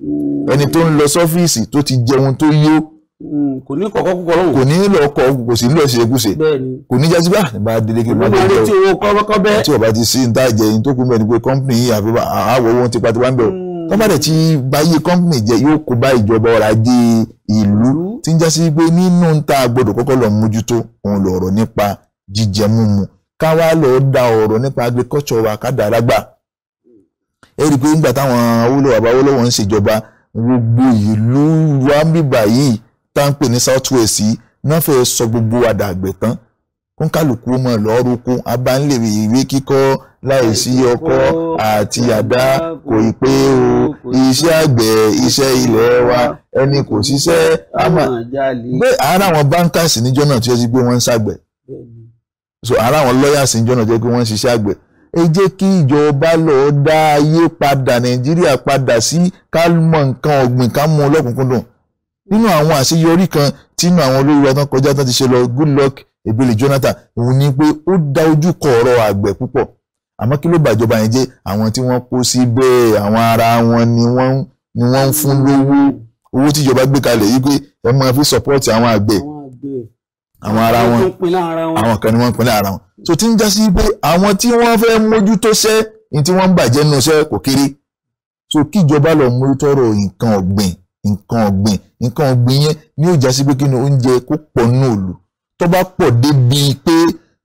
ẹni tó ń lọ sọ́fíìsì tó ti jẹun tó yó hmm, kò ní kọ̀ọ̀kọ́ kúkọ lọ́wọ́ kò ní lọ kọ kò sí lọ ṣègùsè kò ní jásí ah, bá bá délé kí ló dé lọ tí owó kọ́kọ́ bẹ́ẹ̀ tí ọba ti sí níta jẹ yín tó kú mẹ́rin pé kọ́mpìnì yìí àfi ah, àwọ̀ owó tipa tipa ń bẹ̀rù hmm. tó bá dẹ̀ ti bá yí kọ́mpìnì jẹ yóò kó bá ìjọba ọrọ̀ ajé ìlú tí ń jásí pé nínú ta gbọdọ̀ kọ́kọ́ lọ mójútó òun lọ ọ̀rọ̀ wa ká dára gbà ẹ rí i gbogbo ìlú wa bíbà yìí tá ń pè ní south west yìí náà fẹ́ sọ gbogbo àdá àgbẹ̀ tán kó kálukú mọ̀ lọ́ọ́rùkún abánlèrè ìwé kíkọ́ láìsí ọkọ́ àti àdá kò ì pé o iṣẹ́ àgbẹ̀ iṣẹ́ ilẹ̀ wa ẹni kò ṣiṣẹ́ àmà pé ara àwọn bankers níjọ́ náà tí wọ́n ti gbé wọn ń ṣàgbẹ̀ so ara àwọn lawyers níjọ́ náà tí wọ́n ti wọn ń ṣiṣẹ́ àgbẹ̀ ẹ jẹ́ kí ìjọba lọ́ọ́ dá ayé padà nàìjíríà padà sí ká mọ nǹkan ọ̀gbìn ká mú ọlọ́kùnkúndùn nínú àwọn àṣeyọrí kan tínú àwọn olórí wa tán kọjá tán ti ṣe lọ Goodluck Ebele Jonathan òun ni pé ó dá ojú kọ ọ̀rọ̀ àgbẹ̀ púpọ̀ àmọ́ kí ló bàjọba yẹn jẹ́ àwọn tí wọ́n kó sí bẹ́ẹ̀ àwọn ara wọn ni wọ́n ni wọ́n ń fún lówó owó tíjọba gbé kalẹ̀ yìí pé ẹ máa fi support àwọn àgbẹ̀ àwọn ara wọn àwọn kan ni wọ́n ń ara wọn so ti ń já sí pé àwọn tí wọ́n fẹ́ mójútó sẹ́ ní tí wọ́n ń bàjẹ́ nínú sẹ́ kò kéré so kíjọba lọ mójútó ọ̀rọ̀ nǹkan ọ̀gbìn nǹkan ọ̀gbìn nǹkan ọ̀gbìn yẹn ni yóò já sí pé kí ni oúnjẹ kó pọ̀ nínú òòlù tó bá pọ̀ débi pé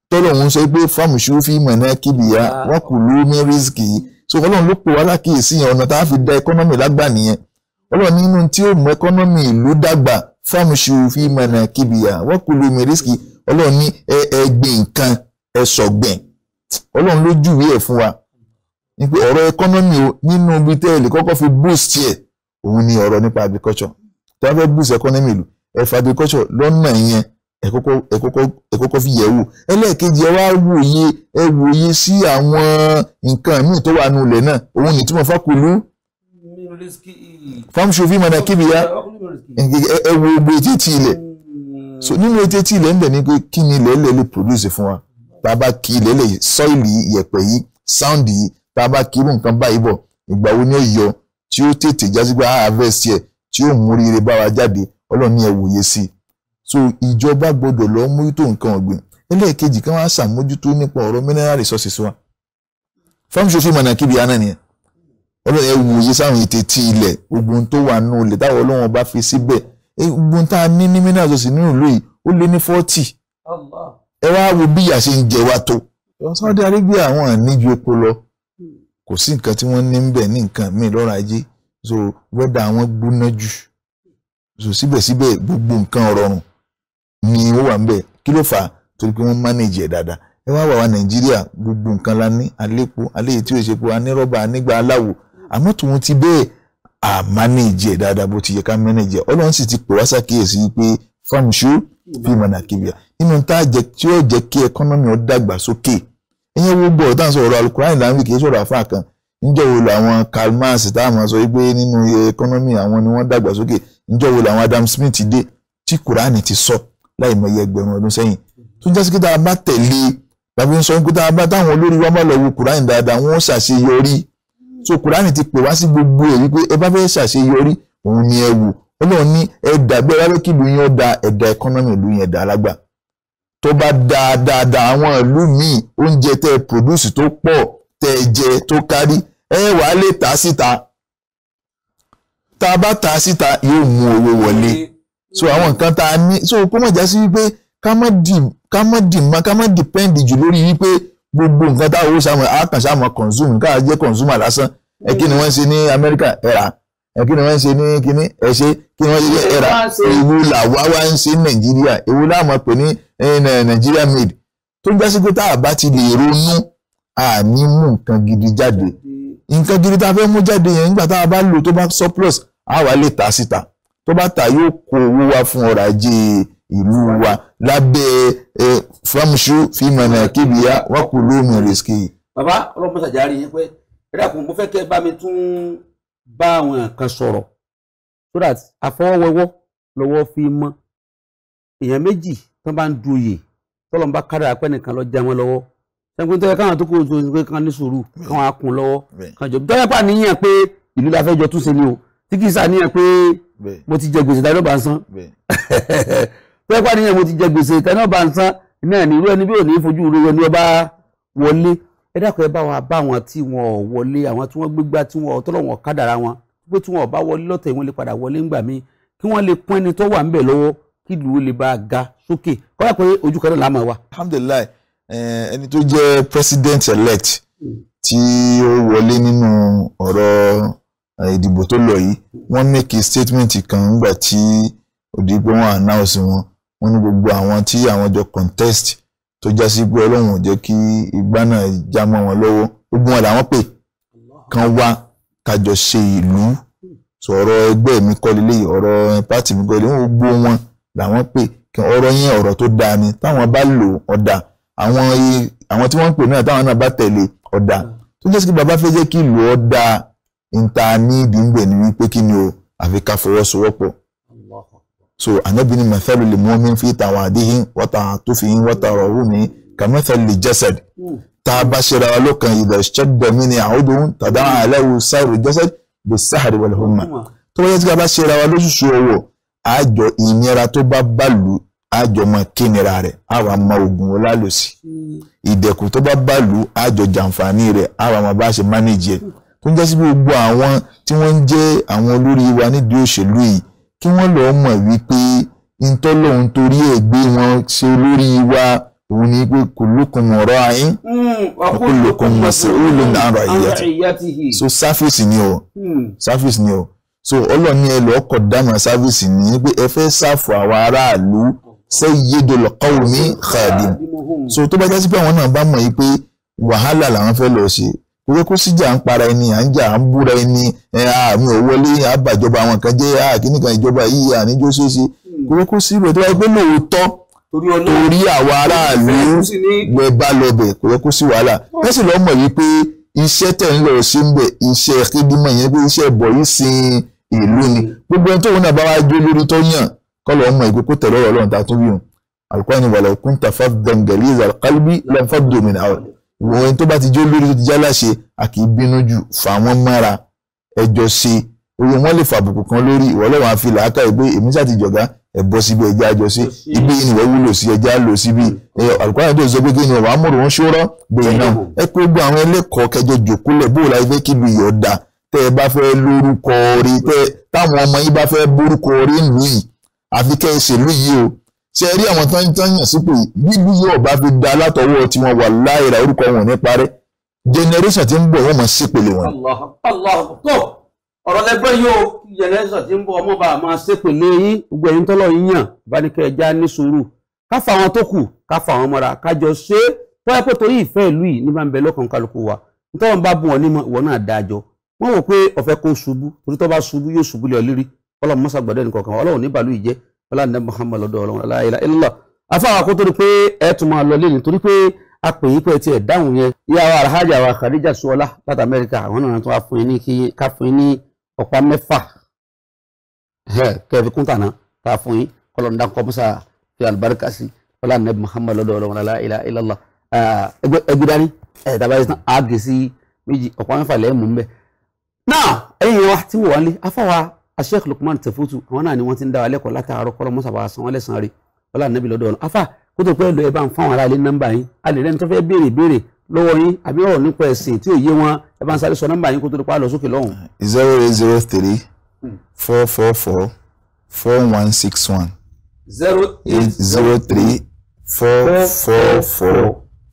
tọ́lọ́run sọ pé fáàmù ṣòwò fi mọ̀ náà kíbìyà wọn kò ló ní rìsíkì so ọlọ́run ló pè wá lákìyèsí yẹn ọ̀nà tá a fi da ẹkọ́nọ́mì lágbà nìyẹn ọlọ́run nínú tí ó mú ẹkọ́nọ́mì ìlú dàgbà fámṣu fi mọ̀nà kíbìyà wọ́n kú lómi rísíkì ọlọ́run ní ẹgbìn nǹkan ẹ̀sọ̀gbìn ọlọ́run ló júwèé ẹ̀ fún wa ní pé ọ̀rọ̀ ẹkọ́nọ́mì o nínú ibi tẹ́ ẹ lè kọ́kọ́ fi boost ẹ̀ òun ni ọ̀rọ̀ nípa agriculture tí wọ́n fẹ́ boost ẹkọ́nọ́mì ìlú ẹ fa agriculture lọ́nà yẹn ẹ kọ́kọ́ fi yẹ̀ wò ẹlẹ́ẹ̀kejì ẹ wá wòye ẹ wòye sí àwọn nǹkan míì tó wà nulẹ̀ náà òun nìtúmọ̀ fákulú fámṣu fi mọ̀nà kíbìyà ẹ wo gbogbo etí etí ilẹ̀ so mm. nínú etí etí ilẹ̀ ń bẹ̀ ni pé kí ni ilẹ̀ ilẹ̀ lè produce fún wa tá a bá kí ilẹ̀ ilẹ̀ yìí sọ́ìlì yẹ̀pẹ̀ yìí sound yìí tá a bá kí irú nǹkan báyìí bọ̀ ìgbà wo ni ó yọ tí ó tètè jásí pé ah, harvest yẹ tí ó mú rire bá wa jáde ọlọ́ọ̀ni ẹ wòye sí i so ìjọba gbọdọ̀ lọ mójútó nǹkan ọ̀gbìn ẹlẹ́ẹ̀kejì kan wá ṣàmójútó nípa ọ̀rọ̀ mineral resources wa farm social manner kíbi aná nìyẹn ẹ wò yí sáwọn ètè tí ilẹ̀ gbogbo tó wà nù ilẹ̀ táwọn ọlọ́wọ́n bá fi síbẹ̀ gbogbo tá a ní ní minas ọ̀sìn nínú ìlú yìí ó lé ní fọ́tì ẹ wá wo bí ìyà ṣe ń jẹ wá tó Saudi Arabia àwọn àníjú epo lọ kò sí nǹkan tí wọ́n ní ń bẹ̀ ní nǹkan míì lọ́rọ̀ ajé so wẹ́dà àwọn gbóná jù so síbẹ̀síbẹ̀ gbogbo nǹkan ọ̀rọ̀rùn ni ó wà ń bẹ̀ kí ló fà á torí pé wọ́n mánéjì ẹ̀ dáadáa ẹ wá wà wá Nàìjíríà gbogbo nǹkan la ní alẹ́po alẹ́ èyí tí ò ṣe po anírọ́bà anígbà aláwò àmọ́ tòun ti bẹ́ẹ̀ à mánéèjì ẹ̀ dáadáa bó ti yẹ ká mánéèjì ẹ̀ ọlọ́run sì ti pè wá sàkíyèsí pé fámṣú fi mọ̀nà kíbi nínú tá a jẹ tí ó jẹ́ kí ẹkọ́nọ́mì ó dàgbà sókè ẹ̀yẹ́ wo gbọ́ ọ̀tá sọ̀rọ̀ alukurani láńbì kì í sọ̀rọ̀ àfáà kan níjọ́ wo làwọn Karl Marx tá a máa sọ wípé nínú ẹkọ́nọ́mì àwọn ni wọ́n dàgbà sókè níjọ́ wo làwọn Adam Smith dé tí kurani ti sọ láì mọ̀ iye ẹgbẹ̀rún ọdún sẹ́yìn tó ń jásí kí tá a bá tẹ̀lé tàbí ń sọ pé tá a bá táwọn olórí wa má lọ wo kurani dáadáa wọ́n ṣàṣeyọrí so kurani ti pè wá sí gbogbo èyí pé ẹ bá fẹ́ ṣàṣeyọrí òun ni ẹ wù ọlọ́run ní ẹ̀dà bí ẹ̀dá kí ìlú yẹn ó da ẹ̀dà ẹ̀kọ́nọ́mì ìlú yẹn dà lágbà tó bá da dáadáa àwọn ìlú míì oúnjẹ tẹ́ ẹ pòdúsì tó pọ̀ tẹ́ ẹ jẹ tó kárí ẹ wàá lè tà síta tá a bá tà síta yóò mú owó wọlé so àwọn nǹkan tá a ní so kó mọ̀ já sí wípé ká má dì má ká má dìpẹ́ǹdì jù lórí wípé gbogbo nǹkan tá owó sàmọ àkàn sàmọ consume ká jẹ consumer lásán ẹ kí ni wọ́n ń ṣe ní Amẹ́ríkà ẹ rà ẹ kí ni wọ́n ń ṣe ní kíní ẹ ṣe kí ni wọ́n ṣe ní ẹ rà ewu làwa wá ń ṣe Nàìjíríà ewu láàmú pè ní Nàìjíríà made tó ń jásí pé tá a bá ti lè ronú àní mú nǹkan gidi jáde nǹkan gidi tá a fẹ́ mú jáde yẹn nígbà tá a bá lò tó bá surplus a wà lè ta síta tó bá ta yóò kó owó wá fún ọrọ̀ ajé ìlú wa lábẹ́ fámṣú fi mọ̀nà kíbiya wọ́n kò lómi Baba, bàbá ọlọ́pàá ṣàjárí yín pé ẹ̀rẹ́ àkùn mo fẹ́ kẹ́ bá mi tún bá àwọn kan sọ̀rọ̀ so that àfọwọ́wọ́wọ́ lọ́wọ́ fi mọ́ èèyàn méjì tó bá ń du oyè tọ́lọ́ bá kárí àpẹ́ nìkan lọ jẹ́ wọn lọ́wọ́ sẹ́gun tó yẹ káwọn tó kó oṣù pé kán ní sùúrù kán á lọ́wọ́ kán jọ dọ́yẹ́pà níyàn pé ìlú la fẹ́ jọ túnṣe ni o tí kì í sàníyàn pé mo ti jẹ gbèsè tani ọba ń san náà ní irú ẹni bí ò ní fojú ro ẹni ọba wọlé ẹ dákun ẹ bá wa bá àwọn tí wọn ò wọlé àwọn tí wọn gbégbá tí wọn tọ́lọ́wọ̀n kádàrá wọn pé tí wọn ò bá wọlé lọ́tẹ̀ wọn lè padà wọlé ńgbà míì kí wọ́n lè pọ́n ẹni tó wà ńbẹ̀ lọ́wọ́ kí ìlú lè bá ga sókè kọ́lá pé ojú kan náà lámà wa. alhamdulilayi ẹni tó jẹ́ president elect tí ó wọlé nínú ọ̀rọ̀ ìdìbò tó lọ yìí wọ́n make a statement kan nígbà tí òdìgbò wọn announce wọn nínú gbogbo àwọn tí àwọn jọ contest tó já sí pé ọlọ́run ò jẹ́ kí igbá náà já mọ́ wọn lọ́wọ́ gbogbo wọn làwọn pè kán wá kájọ ṣe ìlú sọ̀rọ̀ ẹgbẹ́ mi kọ́ lélẹ́yìí ọ̀rọ̀ pátì mi kọ́ lélẹ́yìí gbogbo wọn làwọn pè kí ọ̀rọ̀ yẹn ọ̀rọ̀ tó dáa ni táwọn bá lò ọ̀dà àwọn àwọn tí wọ́n ń pè náà táwọn náà bá tẹ̀lé ọ̀dà tó jẹ́ sí bàbá fẹ́ jẹ́ kí ìlú ọ̀dà ìta ní ìdí ń bẹ̀ ní wípé kí ni o àfi ká fọwọ́sowọ́pọ̀ so anabi ni mathalu li mu'min fi tawadihin wa ta'atufihin wa tarawumi ka mathali li jasad tá a bá ṣe ra wa lọ́kàn idha shadda minhu 'udwun tada'a lahu sa'iru jasad bis-sahari wal humma tó bá yẹ kí a bá ṣe ra wa lóṣooṣù ọwọ́ àjọ ìnira tó bá bá lù àjọ mọ kínira rẹ̀ àwọn àmọ oògùn ọlá lò sí hmm. ìdẹ̀kùn tó bá bá lù àjọ jàǹfààní rẹ̀ àwọn àmọ bá ṣe mánéjì ẹ̀ tó ń jẹ́ sí gbogbo àwọn tí wọ́n ń jẹ́ àwọn olórí wa nídìí òṣèlú kí wọ́n lọ́ọ́ mọ̀ wípé ntọ́lọ́hún torí ẹ̀ gbé wọn ṣe olórí wa òun ni pé kò lókun ọ̀rọ̀ ayín kò lókun mọ̀sẹ̀ ó lè ní àrò àyíyàtì so service ni o hmm. service ni o so ọlọ́run ẹ lọ́ọ́ kọ̀ dámà service ni pé ẹ fẹ́ ṣàfù àwọn aráàlú sayyidul qawmi khadim so tó bá jásí pé àwọn náà bá mọ̀ yìí pé wàhálà làwọn fẹ́ lọ ṣe kúrékú síjà ń para ẹni à ń jà à ń búra ẹni àmì òwọlé àbàjọba àwọn kan jẹ́ àkíníkan ìjọba yìí àníjó ṣeéṣe hmm. kúrékú sí ìwé tó wáyé pé lóòótọ́ torí àwọn aráàlú gbẹ bá lọbẹ kúrékú sí wàhálà ẹ sì lọ́mọ̀ yìí pé iṣẹ́ tẹ̀ ń lọ sí ń bẹ̀ iṣẹ́ kídímọ̀ yẹn pé iṣẹ́ bọ̀ yìí sin ìlú ni gbogbo ẹni tóun náà bá wá jó lórí tó yàn kọ́ lọ́mọ ìgbókò tẹ̀lé ọ̀rọ̀ ọlọ́run tá wọ́n tó bá ti jẹ́ olórí tó ti já láṣẹ a kì í bínú jù fà wọ́n mọ́ra ẹjọ́ ṣe orí wọn lè fàbùkù kan lórí ìwọ lọ́wọ́ àfi ìgbé èmi sàti jọ̀gá ẹ̀ bọ́ síbi ẹja àjọ sí ibi ìnìwọ̀ wúlò sí ẹja lò síbi àlùkò àti òṣìṣẹ́ pé ni ọ̀wá mọ̀rọ̀ wọn ṣòro bẹ́ẹ̀ náà ẹ pé gbogbo àwọn ẹlẹ́kọ̀ọ́ kẹjọ jòkúlẹ̀ bó la fẹ́ kí lu ìyọ̀dà tẹ́ ẹ bá fẹ́ lórúkọ orí tẹ́ táwọn ọmọ yín bá fẹ́ bórúkọ orí nìyí àfi kẹ́ yìí o ṣe rí àwọn tán tán yàn sípò bíbí yóò bá fi da látọwọ́ tí wọ́n wà láìra orúkọ wọn ní parẹ́ generation tí ń bọ̀ wọ́n máa ṣépele wọn. ọ̀rọ̀ lẹ́gbẹ́ yóò generation tí ń bọ̀ ọmọ bá máa ṣépele yín gbogbo ẹ̀yin tọ́lọ̀ yín yàn ìbánikẹ́ ẹja ní sùúrù ká fa àwọn tó kù ká fa àwọn mọ́ra ká ṣe é pé torí ìfẹ́ ìlú yìí ní ń bẹ lọ́kàn kálukú wa nítorí bá bù wọn ní ìwọ náà dájọ́ wọ́n wò pé ọ̀fẹ́ kó ṣubú torí tó bá ṣubú yóò ṣubú lé ọ ọlọ́run mọ́sàgbọ́dọ̀ nìkan kan ọlọ́run ní ìjẹ́ ọlànà Muhammad lọ́dọ̀ ọlọ́run aláìlá ilọ́lọ́ afáwọn akó torí pé ẹ tún máa lọ lẹ́yìn torí pé a pè yí pé ẹ ti ẹ̀ dáhùn yẹn ìyá wa alhaja wa Khadija suola láti Amẹ́ríkà àwọn náà tó wá fún yín ní kí ká fún yín ní ọ̀pá mẹ́fà kẹfì kúntàná ká fún yín kọlọ́ndà kọ́ musa fi àlùbáríkà sí ọlànà Muhammad lọ́dọ̀ ọlọ́run aláìlá ilọ́lọ́ ẹgbẹ́dání ẹ̀ yìí tán àgè sí ọ̀pá mẹ́fà lẹ́yìn asheikh lukman tefutu àwọn náà ni wọ́n ti ń dá wa lẹ́kọ̀ọ́ látàárọ̀ kọlọ mọsàbà san wọn lẹsan rí ọlá nàbí lọ́dọ̀ ọlọ afa kó tó pẹ́ lọ ẹ bá ń fáwọn aráàlú nọ́mbà yín a lè rẹni tó fẹ́ béèrè béèrè lọ́wọ́ yín àbí ọ̀rọ̀ nípa ẹ̀sìn tí ò wọn ẹ bá ń sáré sọ nọ́mbà yín kó tó pa lọ sókè lọ́hùn. zero eight zero three hmm. four four four four one six one. zero eight zero three four four four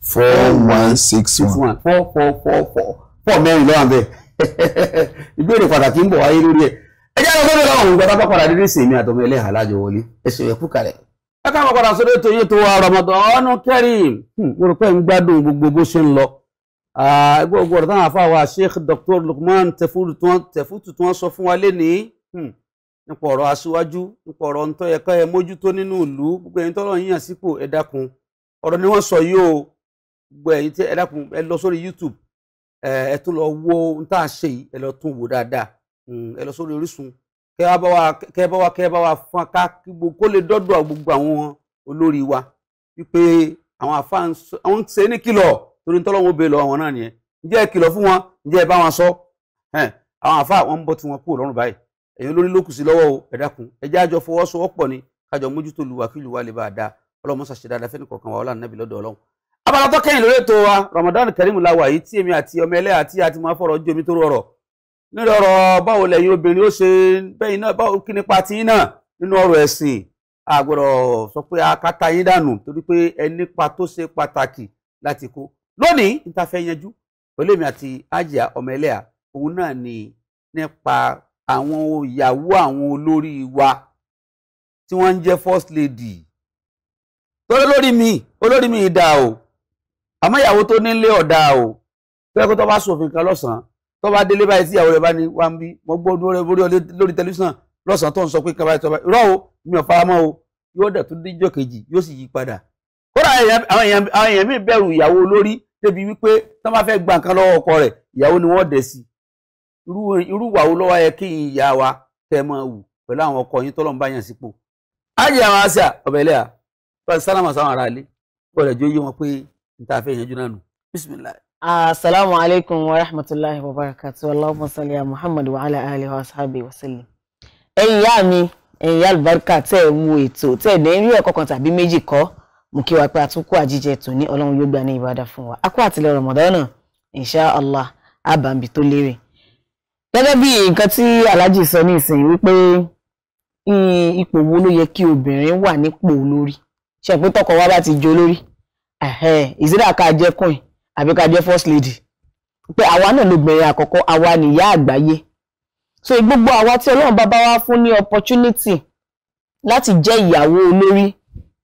four one six one. four four four four four mẹ́rin lọ́wọ́ àbẹ̀ ìbéèrè pàtàkì ń bọ̀ wáyé lórí ẹ̀ ẹ jẹ́ àwọn gómìnà ọ̀hún gbọ́dọ̀ bá padà dídí sí èmi àtọmọ ẹlẹ́hà alájọ wọlé ẹ ṣe ẹ̀kú kalẹ̀. ẹ káàmọ̀ padà sórí ètò yìí tó wa Ramadan Kareem hmm, mo rò pé ń gbádùn gbogbo bó ṣe ń lọ. ẹgbẹ́ ogun ọ̀rọ̀ táwọn afáwa Sheikh Dr. Lukman Tefutu tí wọ́n sọ fún wa lénìí hmm, nípa ọ̀rọ̀ aṣíwájú nípa ọ̀rọ̀ ntọ́ yẹ ká ẹ mójútó nínú ìlú gbogbo ẹ̀yin tọ́lọ́ yíyàn sípò ẹ dákun ọ̀rọ̀ ni wọ́n sọ yìí o gbogbo ẹ̀yin tẹ́ ẹ dákun YouTube ẹ tún lọ wo ohun tá a ṣe yìí ẹ lọ tún wò dáadáa Mm, ẹ lọ sórí Orísun kẹ bá wa kẹ bá wa kẹ bá wa fún ká kó lè dọ́dọ̀ gbogbo àwọn olórí wa wípé àwọn àfáà àwọn ń ṣe ní kìlọ̀ torí ń tọ́lọ́wọ́ bẹ́ẹ̀ lọ àwọn náà nìyẹn ǹjẹ́ ẹ kìlọ̀ fún wọn ǹjẹ́ ẹ bá wọn sọ àwọn àfáà wọn ń bọ́ tí wọn kúrò lọ́rùn báyìí èyàn lórí lókù sí lọ́wọ́ o ẹ dákun ẹjẹ́ àjọ fọwọ́sowọ́pọ̀ ni kájọ mójútó lu wákìlù wa lè bá a dáa ọlọ́mọ ṣàṣẹ dáadáa fẹ́ni kọ̀ọ̀kan wa ọlá nàbì lọ́dọ̀ ọlọ́run. abala tó lórí ètò wa Ramadan Kareem la wà yìí tí èmi àti ọmọ ẹlẹ́yà àti àti máa ojú omi tó rọrọ̀ nínú ọ̀rọ̀ báwo lẹ́yìn obìnrin ó ṣe bẹ́yìn náà báwo kí nípa tí náà nínú ọ̀rọ̀ ẹ̀sìn àgbọ̀rọ̀ sọ pé akátá yín dànù torí pé ẹ nípa tó ṣe pàtàkì láti kó lónìí níta fẹ́ yanjú pẹ̀lú èmi àti Hajiya ọmọ ẹlẹ́yà òun náà ni nípa àwọn ìyàwó àwọn olórí wa tí wọ́n ń jẹ́ first lady torí olórí mi olórí mi ìdá o àmọ́ ìyàwó tó nílé ọ̀dà o fẹ́ kó tó bá ṣòfin kan lọ́sàn-án tó bá délé báyìí tí ìyàwó rẹ̀ bá ní wá ń bí mo gbọ́ ọdún rẹ̀ borí lórí tẹlifíṣàn lọ́sàn-án tó ń sọ pé kábàáyé tó bá rọ́ o mi ò faramọ́ o yóò dẹ̀ tún díjọ́ kejì yóò sì yí padà kódà àwọn èèyàn mi bẹ̀rù ìyàwó olórí débi wípé tó bá fẹ́ gba nǹkan lọ́wọ́ ọkọ rẹ̀ ìyàwó ni wọ́n dẹ̀ sí irú ìwà lọ́wọ́ yẹ kí ìyá wa tẹ́ máa wù pẹ̀lú àwọn ọkọ yín tọ́lọ́ ń bá yàn sípò ájì Assalamu alaikum wa rahmatullahi wa barakatuh. Allahumma salli ala Muhammad wa ala alihi wa ashabi wa sallim. Ẹ̀yin ìyá mi, ẹ̀yin ìyá àlùbáríkà tẹ́ ẹ̀ mú ètò tẹ́ ẹ̀ dẹ́n rí ẹ̀kọ́ kan tàbí méjì kọ́. Mo kí wa pé àtúnkù àjíjẹ tò ní Ọlọ́run yóò gbà ní ìbádà fún wa. Akú àtìlẹ̀ Ramadan insha Allah tó lérè. Gẹ́gẹ́ bí nǹkan tí Alhaji sọ ní ìsìn wípé ipò wo ló yẹ kí obìnrin wà nípò olórí. Ṣé pé tọkọ wa bá ti jẹ olórí? Ìsídà àbí ká jẹ́ first lady pé àwa náà lóbìnrin àkọ́kọ́ àwa nìyá àgbáyé so gbogbo àwa tí ọlọ́run bá bá wá fún ní opportunity láti jẹ́ ìyàwó olórí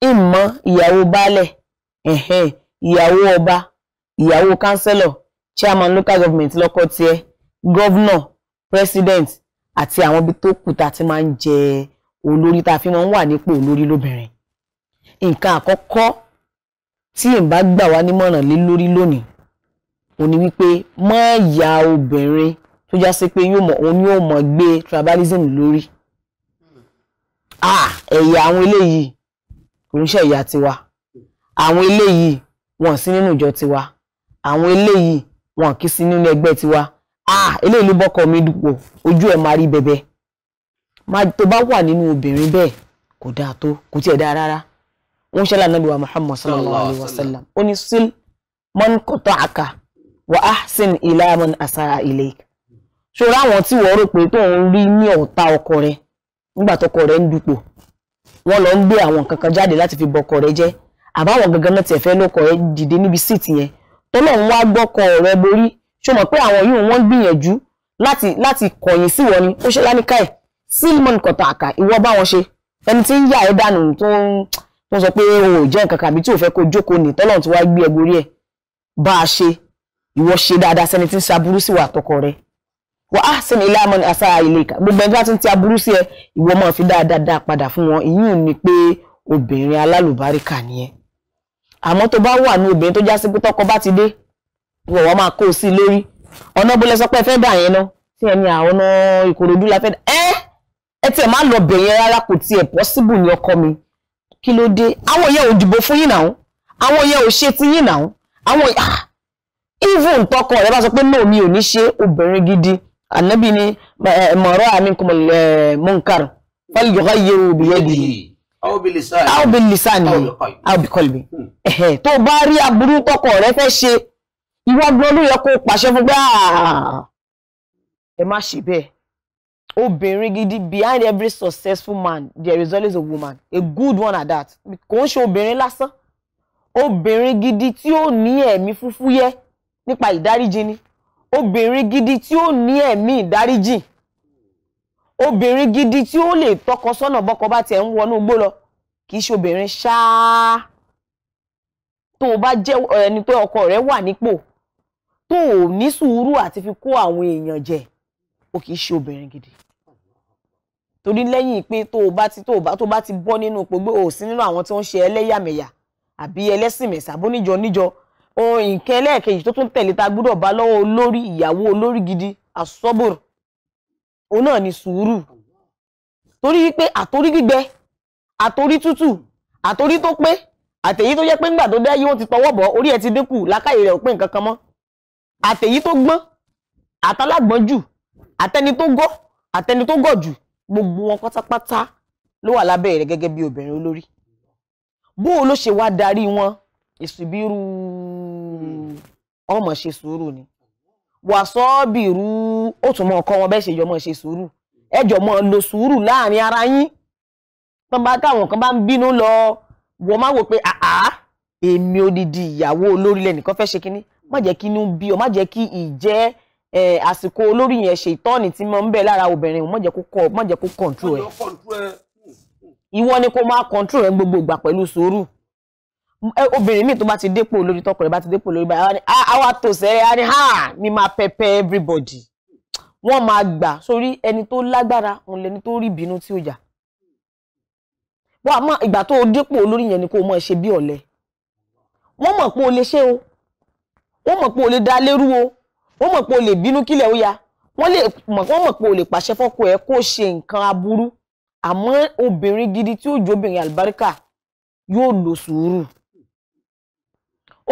ìmọ̀ ìyàwó baálẹ̀ ìyàwó ọba ìyàwó kánsẹ́lọ̀ chairman local government lọ́kọ́ tiẹ̀ governor president àti àwọn ibi tó kù tá a ti máa ń jẹ olórí tá a fi máa ń wà nípò olórí lóbìnrin nǹkan àkọ́kọ́ tí n bá gbà wá nímọ̀ràn lé lórí lónìí ó ní wípé má ya obìnrin tó já sí pé yóò mọ òun ni yóò mọ gbé tribalism lórí ẹ̀yà àwọn eléyìí kò ń ṣe ẹ̀yà tiwa àwọn eléyìí wọn sí nínú ìjọ tiwa àwọn eléyìí wọn kì í sí nínú ẹgbẹ́ tiwa eléyìí ló bọ́kọ mi dùpò ojú ẹ̀ máa rí bẹ̀bẹ̀ tó bá wà nínú obìnrin bẹ́ẹ̀ kò dáa tó kò tiẹ̀ dáa rárá wọ́n ṣẹlẹ̀ anábìwá muhammad sallallahu alayhi wa sallam ó ní sil man qata'aka wa ahsin ila man asaa ilayk ṣòro àwọn tí wọ́n rò pé tó ń rí ní ọ̀tá ọkọ rẹ nígbà tọkọ rẹ ń dupò wọ́n lọ ń gbé àwọn kankan jáde láti fi bọkọ rẹ jẹ́ àbáwọn gangan náà tiẹ̀ fẹ́ lọ́kọ rẹ dìde níbi síìtì yẹn tọ́lọ́run wá gbọ́kọ rẹ borí ṣó mọ̀ pé àwọn yìí wọ́n gbìyànjú láti láti kọ̀yìn sí wọn ni ó ṣe láníkà ẹ̀ sílmọ̀n kọ̀tàkà ìwọ bá wọn ṣe ẹni tí ń yà ẹ́ dànù tó ń wọ́n sọ pé o ò jẹ́ nǹkan kàbí tí o fẹ́ kó jókòó ní tọ́lọ́run ti wá gbé ẹ gorí ẹ̀ bá a ṣe ìwọ ṣe dáadáa sẹ́ni tí ń ṣe sí wa àtọkọ rẹ wà á sẹ́ni ilé àmọ́ ní àṣà ilé ìka gbogbo ẹgbẹ́ tí ń ti aburú sí ẹ ìwọ máa fi dáadáa padà fún wọn ìyún ni pé obìnrin alálùbáríkà nìyẹn àmọ́ tó bá wà ní obìnrin tó já sí pé tọkọ bá ti dé ìwọ wọn máa kó o sí lórí ọ̀nà bó lẹ sọ pé ẹ fẹ́ dà yẹn ná tí ẹni àwọn Ìkòròdú la fẹ́ dà ẹ ẹ tiẹ̀ má lọ bẹ̀yẹn rárá kò tiẹ̀ possible ní ọkọ mi kí ló dé àwọn yẹn ò dìbò fún yín náà àwọn yẹn ò ṣe ti yín náà àwọn ah! even tọkọ rẹ bá sọ pé náà mi ò ní ṣe obìnrin gidi ànábì ni mọ̀rọ̀ àmì kò mọ̀ munkar fal yughayyiru bi yadihi aw bi lisani aw bi qalbi hmm. tó bá rí aburú tọkọ rẹ fẹ́ ṣe ìwọ gbọ́n yẹ kó pàṣẹ fún gbà ah, ẹ má ṣe bẹ́ẹ̀ obìnrin gidi behind every successful man there is always a woman a good one at that kò ń ṣe obìnrin lásán obìnrin gidi tí ó ní ẹ̀mí fúfúyẹ́ nípa ìdáríjì ni obìnrin gidi tí ó ní ẹ̀mí ìdáríjì obìnrin gidi tí ó lè tọkọ sọ́nà bọ́kọ bá tiẹ̀ ń wọnú igbó lọ kì í ṣe obìnrin ṣáá tó o bá jẹ́ ẹni tó ọkọ rẹ̀ wà nípò tó o ní sùúrù àti fi kó àwọn èèyàn jẹ o kì ṣe obìnrin gidi torí lẹ́yìn pé tó o bá ti tó o bá tó o bá ti bọ́ nínú ipò gbé o sí nínú àwọn tí wọ́n ń ṣe ẹlẹ́yàmẹ̀yà àbí ẹlẹ́sìn mẹ̀sà bó níjọ níjọ ohun nǹkan ẹlẹ́ẹ̀kejì tó tún tẹ̀lé ta gbúdọ̀ bá lọ́wọ́ olórí ìyàwó olórí gidi asọ́bùr òun náà ni sùúrù torí wípé àtorí gbígbẹ àtorí tútù àtorí tó pé àtẹ̀yí tó jẹ́ pé nígbà tó dé ayé wọn ti tọwọ́ bọ̀ orí ẹ̀ ti dínkù lákàyè rẹ̀ ò pé nǹkan kan mọ́ àtẹ̀yí tó gbọ́n àtàlágbọ́n jù àtẹni tó gọ̀ àtẹni tó gọ̀ jù gbogbo wọn pátápátá ló wà lábẹ́ rẹ̀ gẹ́gẹ́ bí obìnrin olórí bó o ló ṣe wá darí wọn ìsùbírù ọmọ ṣe sùúrù ni wàsọ́ọ̀bìrú ó tún mọ ọkọ wọn bẹ́ẹ̀ ṣe jọ mọ ṣe sùúrù ẹ jọ mọ lo sùúrù láàrin ara yín tán bá táwọn kan bá ń bínú lọ wọ́n máa wò pé àá èmi odidi ìyàwó olórí lẹ́nìkan fẹ́ ṣe kínní má jẹ́ kí inú bí ọ má jẹ́ kí ìjẹ́ àsìkò olórí yẹn ṣe ìtọ́ni tí mo ń bẹ lára obìnrin mo jẹ́ kó kọ mo jẹ́ kó kọ̀ǹtró ẹ̀ ìwọ ni kó máa kọ̀ǹtró ẹ̀ gbogbo ìgbà pẹ̀lú sùúrù obìnrin míì tó bá ti dépò olórí tọkọ rẹ̀ bá ti dépò olórí báyìí àwa tó sẹ́rẹ̀ á ní ha mi máa pẹpẹ everybody wọ́n máa gbà sórí ẹni tó lágbára òun lẹni tó rí ìbínú tí ó jà wọ́n àmọ́ ìgbà tó dépò olórí yẹn ni kó mọ̀ ṣe bí ọ̀lẹ wọ́n mọ̀ pé o lè ṣe o wọ́n mọ̀ pé o lè dá lérú o wọ́n mọ̀ pé o lè bínú kílẹ̀ ó ya wọ́n lè mọ̀ wọ́n mọ̀ pé o lè pàṣẹ fọ́kọ ẹ̀ kó ṣe nǹkan aburú àmọ́ obìnrin gidi tí ó jó obìnrin àlùbáríkà yóò lò sùúrù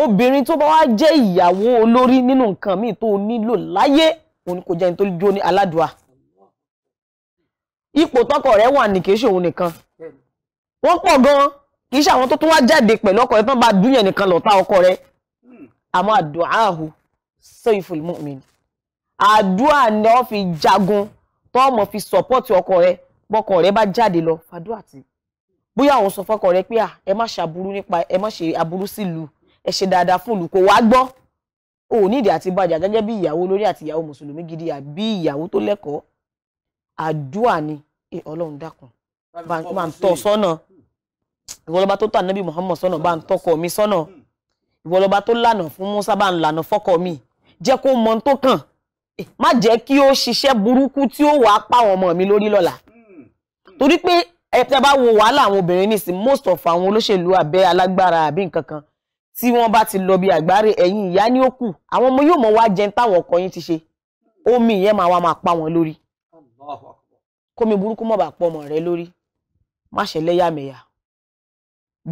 obìnrin tó bá wá jẹ́ ìyàwó olórí nínú nǹkan míì tó nílò láyé òun kò jẹ́ ní tó jó ní aládùá ipò tọkọ rẹ̀ wà ní kìí ṣe òun nìkan wọ́n pọ̀ gan-an kìí ṣe àwọn tó tún wá jáde pẹ̀lú ọkọ rẹ̀ tán bá dúnyẹ̀ nìkan lọ̀tá ọkọ rẹ̀ àmọ́ àdùá ahù sayful mu'min àdúrà ni wọ́n fi jagun tó ọmọ fi sọ́pọ́ọ̀tì ọkọ rẹ bọ́kọ ba bá jáde lọ fàdúrà tí bóyá òun sọ fọ́kọ rẹ pé à ẹ má ṣe aburú nípa ẹ má ṣe aburú sílùú ẹ ṣe dáadáa fún olùkọ́ wá gbọ́ ò nídìí àti bàjá gẹ́gẹ́ bí ìyàwó lórí àti ìyàwó mùsùlùmí gidi àbí ìyàwó tó lẹ́kọ̀ọ́ àdúrà ni ẹ ọlọ́run dákun bá ń tọ́ sọ́nà ìwọlọ́ba tó tà nábì Muhammad sọ́nà bá ń tọ́kọ mi sọ́nà ìwọlọ́ba tó lànà fún Musa bá ń lànà fọ́kọ mi jẹ́ kó mọ tó kàn má jẹ́ kí ó ṣiṣẹ́ burúkú tí ó wàá pa àwọn ọmọ mi lórí lọ́la torí pé ẹ̀tẹ́ bá wo wàhálà àwọn obìnrin ní sí most of àwọn olóṣèlú abẹ́ alágbára àbí nǹkan kan tí wọ́n bá ti lọ bí àgbáre ẹ̀yìn ìyá ní ó àwọn ọmọ yóò mọ̀ wá jẹun táwọn ọkọ yín ti ṣe omi ìyẹn máa wá máa pa wọn lórí kómi burúkú mọ̀ bá pọ̀ ọmọ rẹ lórí má ṣe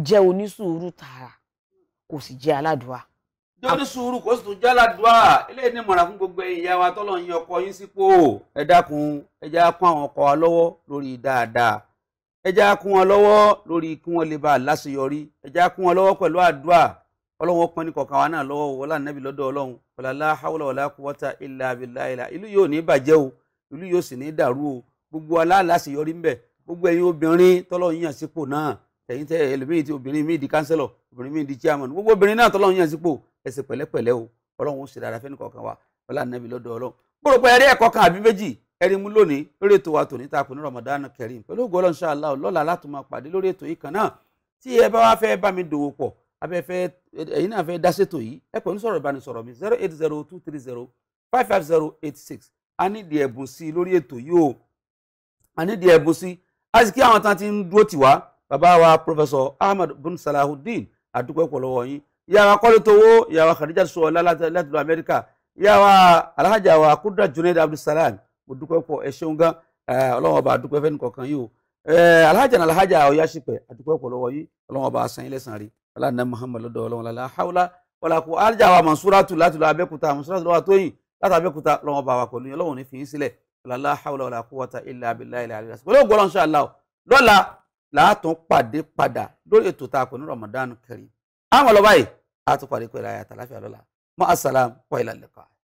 jẹ́ onísùúrù tààrà kò sì jẹ́ aládùá dóní sùúrù kó sì tún jáládùá eléyìí ní ìmọ̀ràn fún gbogbo ìyá wa tọ́lọ̀ ń yan ọkọ yín sípò ẹ dákun ẹ já kún àwọn ọkọ wa lọ́wọ́ lórí dáadáa ẹ já kún wọn lọ́wọ́ lórí kí wọ́n lè bá a láṣeyọrí ẹ já kún wọn lọ́wọ́ pẹ̀lú àdúà ọlọ́wọ́ pọ́n ní kọ̀ọ̀kan wa náà lọ́wọ́ wọlá nàbí lọ́dọ̀ ọlọ́run wàlálà hawla wàlá kúwọ́tà ilà abilà ilà ìlú yóò ní bàjẹ́ o ìlú yóò sì ní dàrú o gbogbo aláàláṣeyọrí ń bẹ gbogbo ẹ̀yin obìnrin tọ́lọ́ yín yàn sípò náà tẹ̀yìn tẹ́ ẹlòmíì tí obìnrin míì di kánsẹ́lọ̀ obìnrin míì di chairman gbogbo obìnrin náà tọ́lọ́ yín ẹ ṣe pẹ̀lẹ́pẹ̀lẹ́ o ọlọ́run ó ṣe dára fẹ́ni kọ̀ọ̀kan wa ọlá nàbí lọ́dọ̀ ọlọ́run gbọ́dọ̀ pé ẹ̀rí ẹ̀kọ́ kan àbí méjì ẹ̀rí mú lónìí lórí ètò wa tòní ta kù ní Ramadan Kareem pẹ̀lú ògo ọlọ́run ṣáàlá ọlọ́la láti máa pàdé lórí ètò yìí kan náà tí ẹ bá wá fẹ́ bá mi dòwò pọ̀ abẹ́fẹ́ ẹ̀yin náà fẹ́ dáṣètò yìí ẹ pẹ̀lú sọ̀rọ̀ ìbánisọ̀rọ̀ mi zero eight zero two three zero five five zero eight six a nídìí ẹ̀bùn sí lórí ètò yìí o a nídìí ẹ̀bùn sí a sì kí àwọn tán ti ń dúró tì wá bàbá wa Professor Ahmad bin Salahuddin àdúpẹ́ pọ̀ lọ́wọ́ yín ìyá wa kọ́lé towó ìyá wa Khadija Ṣóọ̀lá láti lọ Amẹ́ríkà ìyá wa alhaja wa Kudrat Junaid Abdulsalam mo dúpẹ́ pọ̀ ẹ ṣeun gan ọlọ́wọ́n ọba àdúpẹ́ fẹ́ni kọ̀ọ̀kan yìí o alhaja náà alhaja Ọ̀yáṣípẹ̀ àdúpẹ́ pọ̀ lọ́wọ́ yìí ọlọ́wọ́n ọba asan ilẹ̀ sàn rí ọlọ́nà Muhammad lọ́dọ̀ ọlọ́wọ́n lálẹ́ haula wàlàkù alhaja wa Mansuratu láti lọ Abẹ́kúta Mansuratu lọ́wọ́ tóyìn láti Abẹ́kúta ọlọ́wọ́n ọba wa pẹ̀lú ọlọ́wọ́n ní fi yín sílẹ̀ ọlọ́lá haula wàlà quwwata illa billahi ilẹ̀ àríyá pẹ̀lú ògbọ́n insha Allah lọ́la àwọn lọ báyìí a tún pàdé pẹ̀lú ayàtà láfíà lọ́la mọ́ àsálàm wa ilal liqa.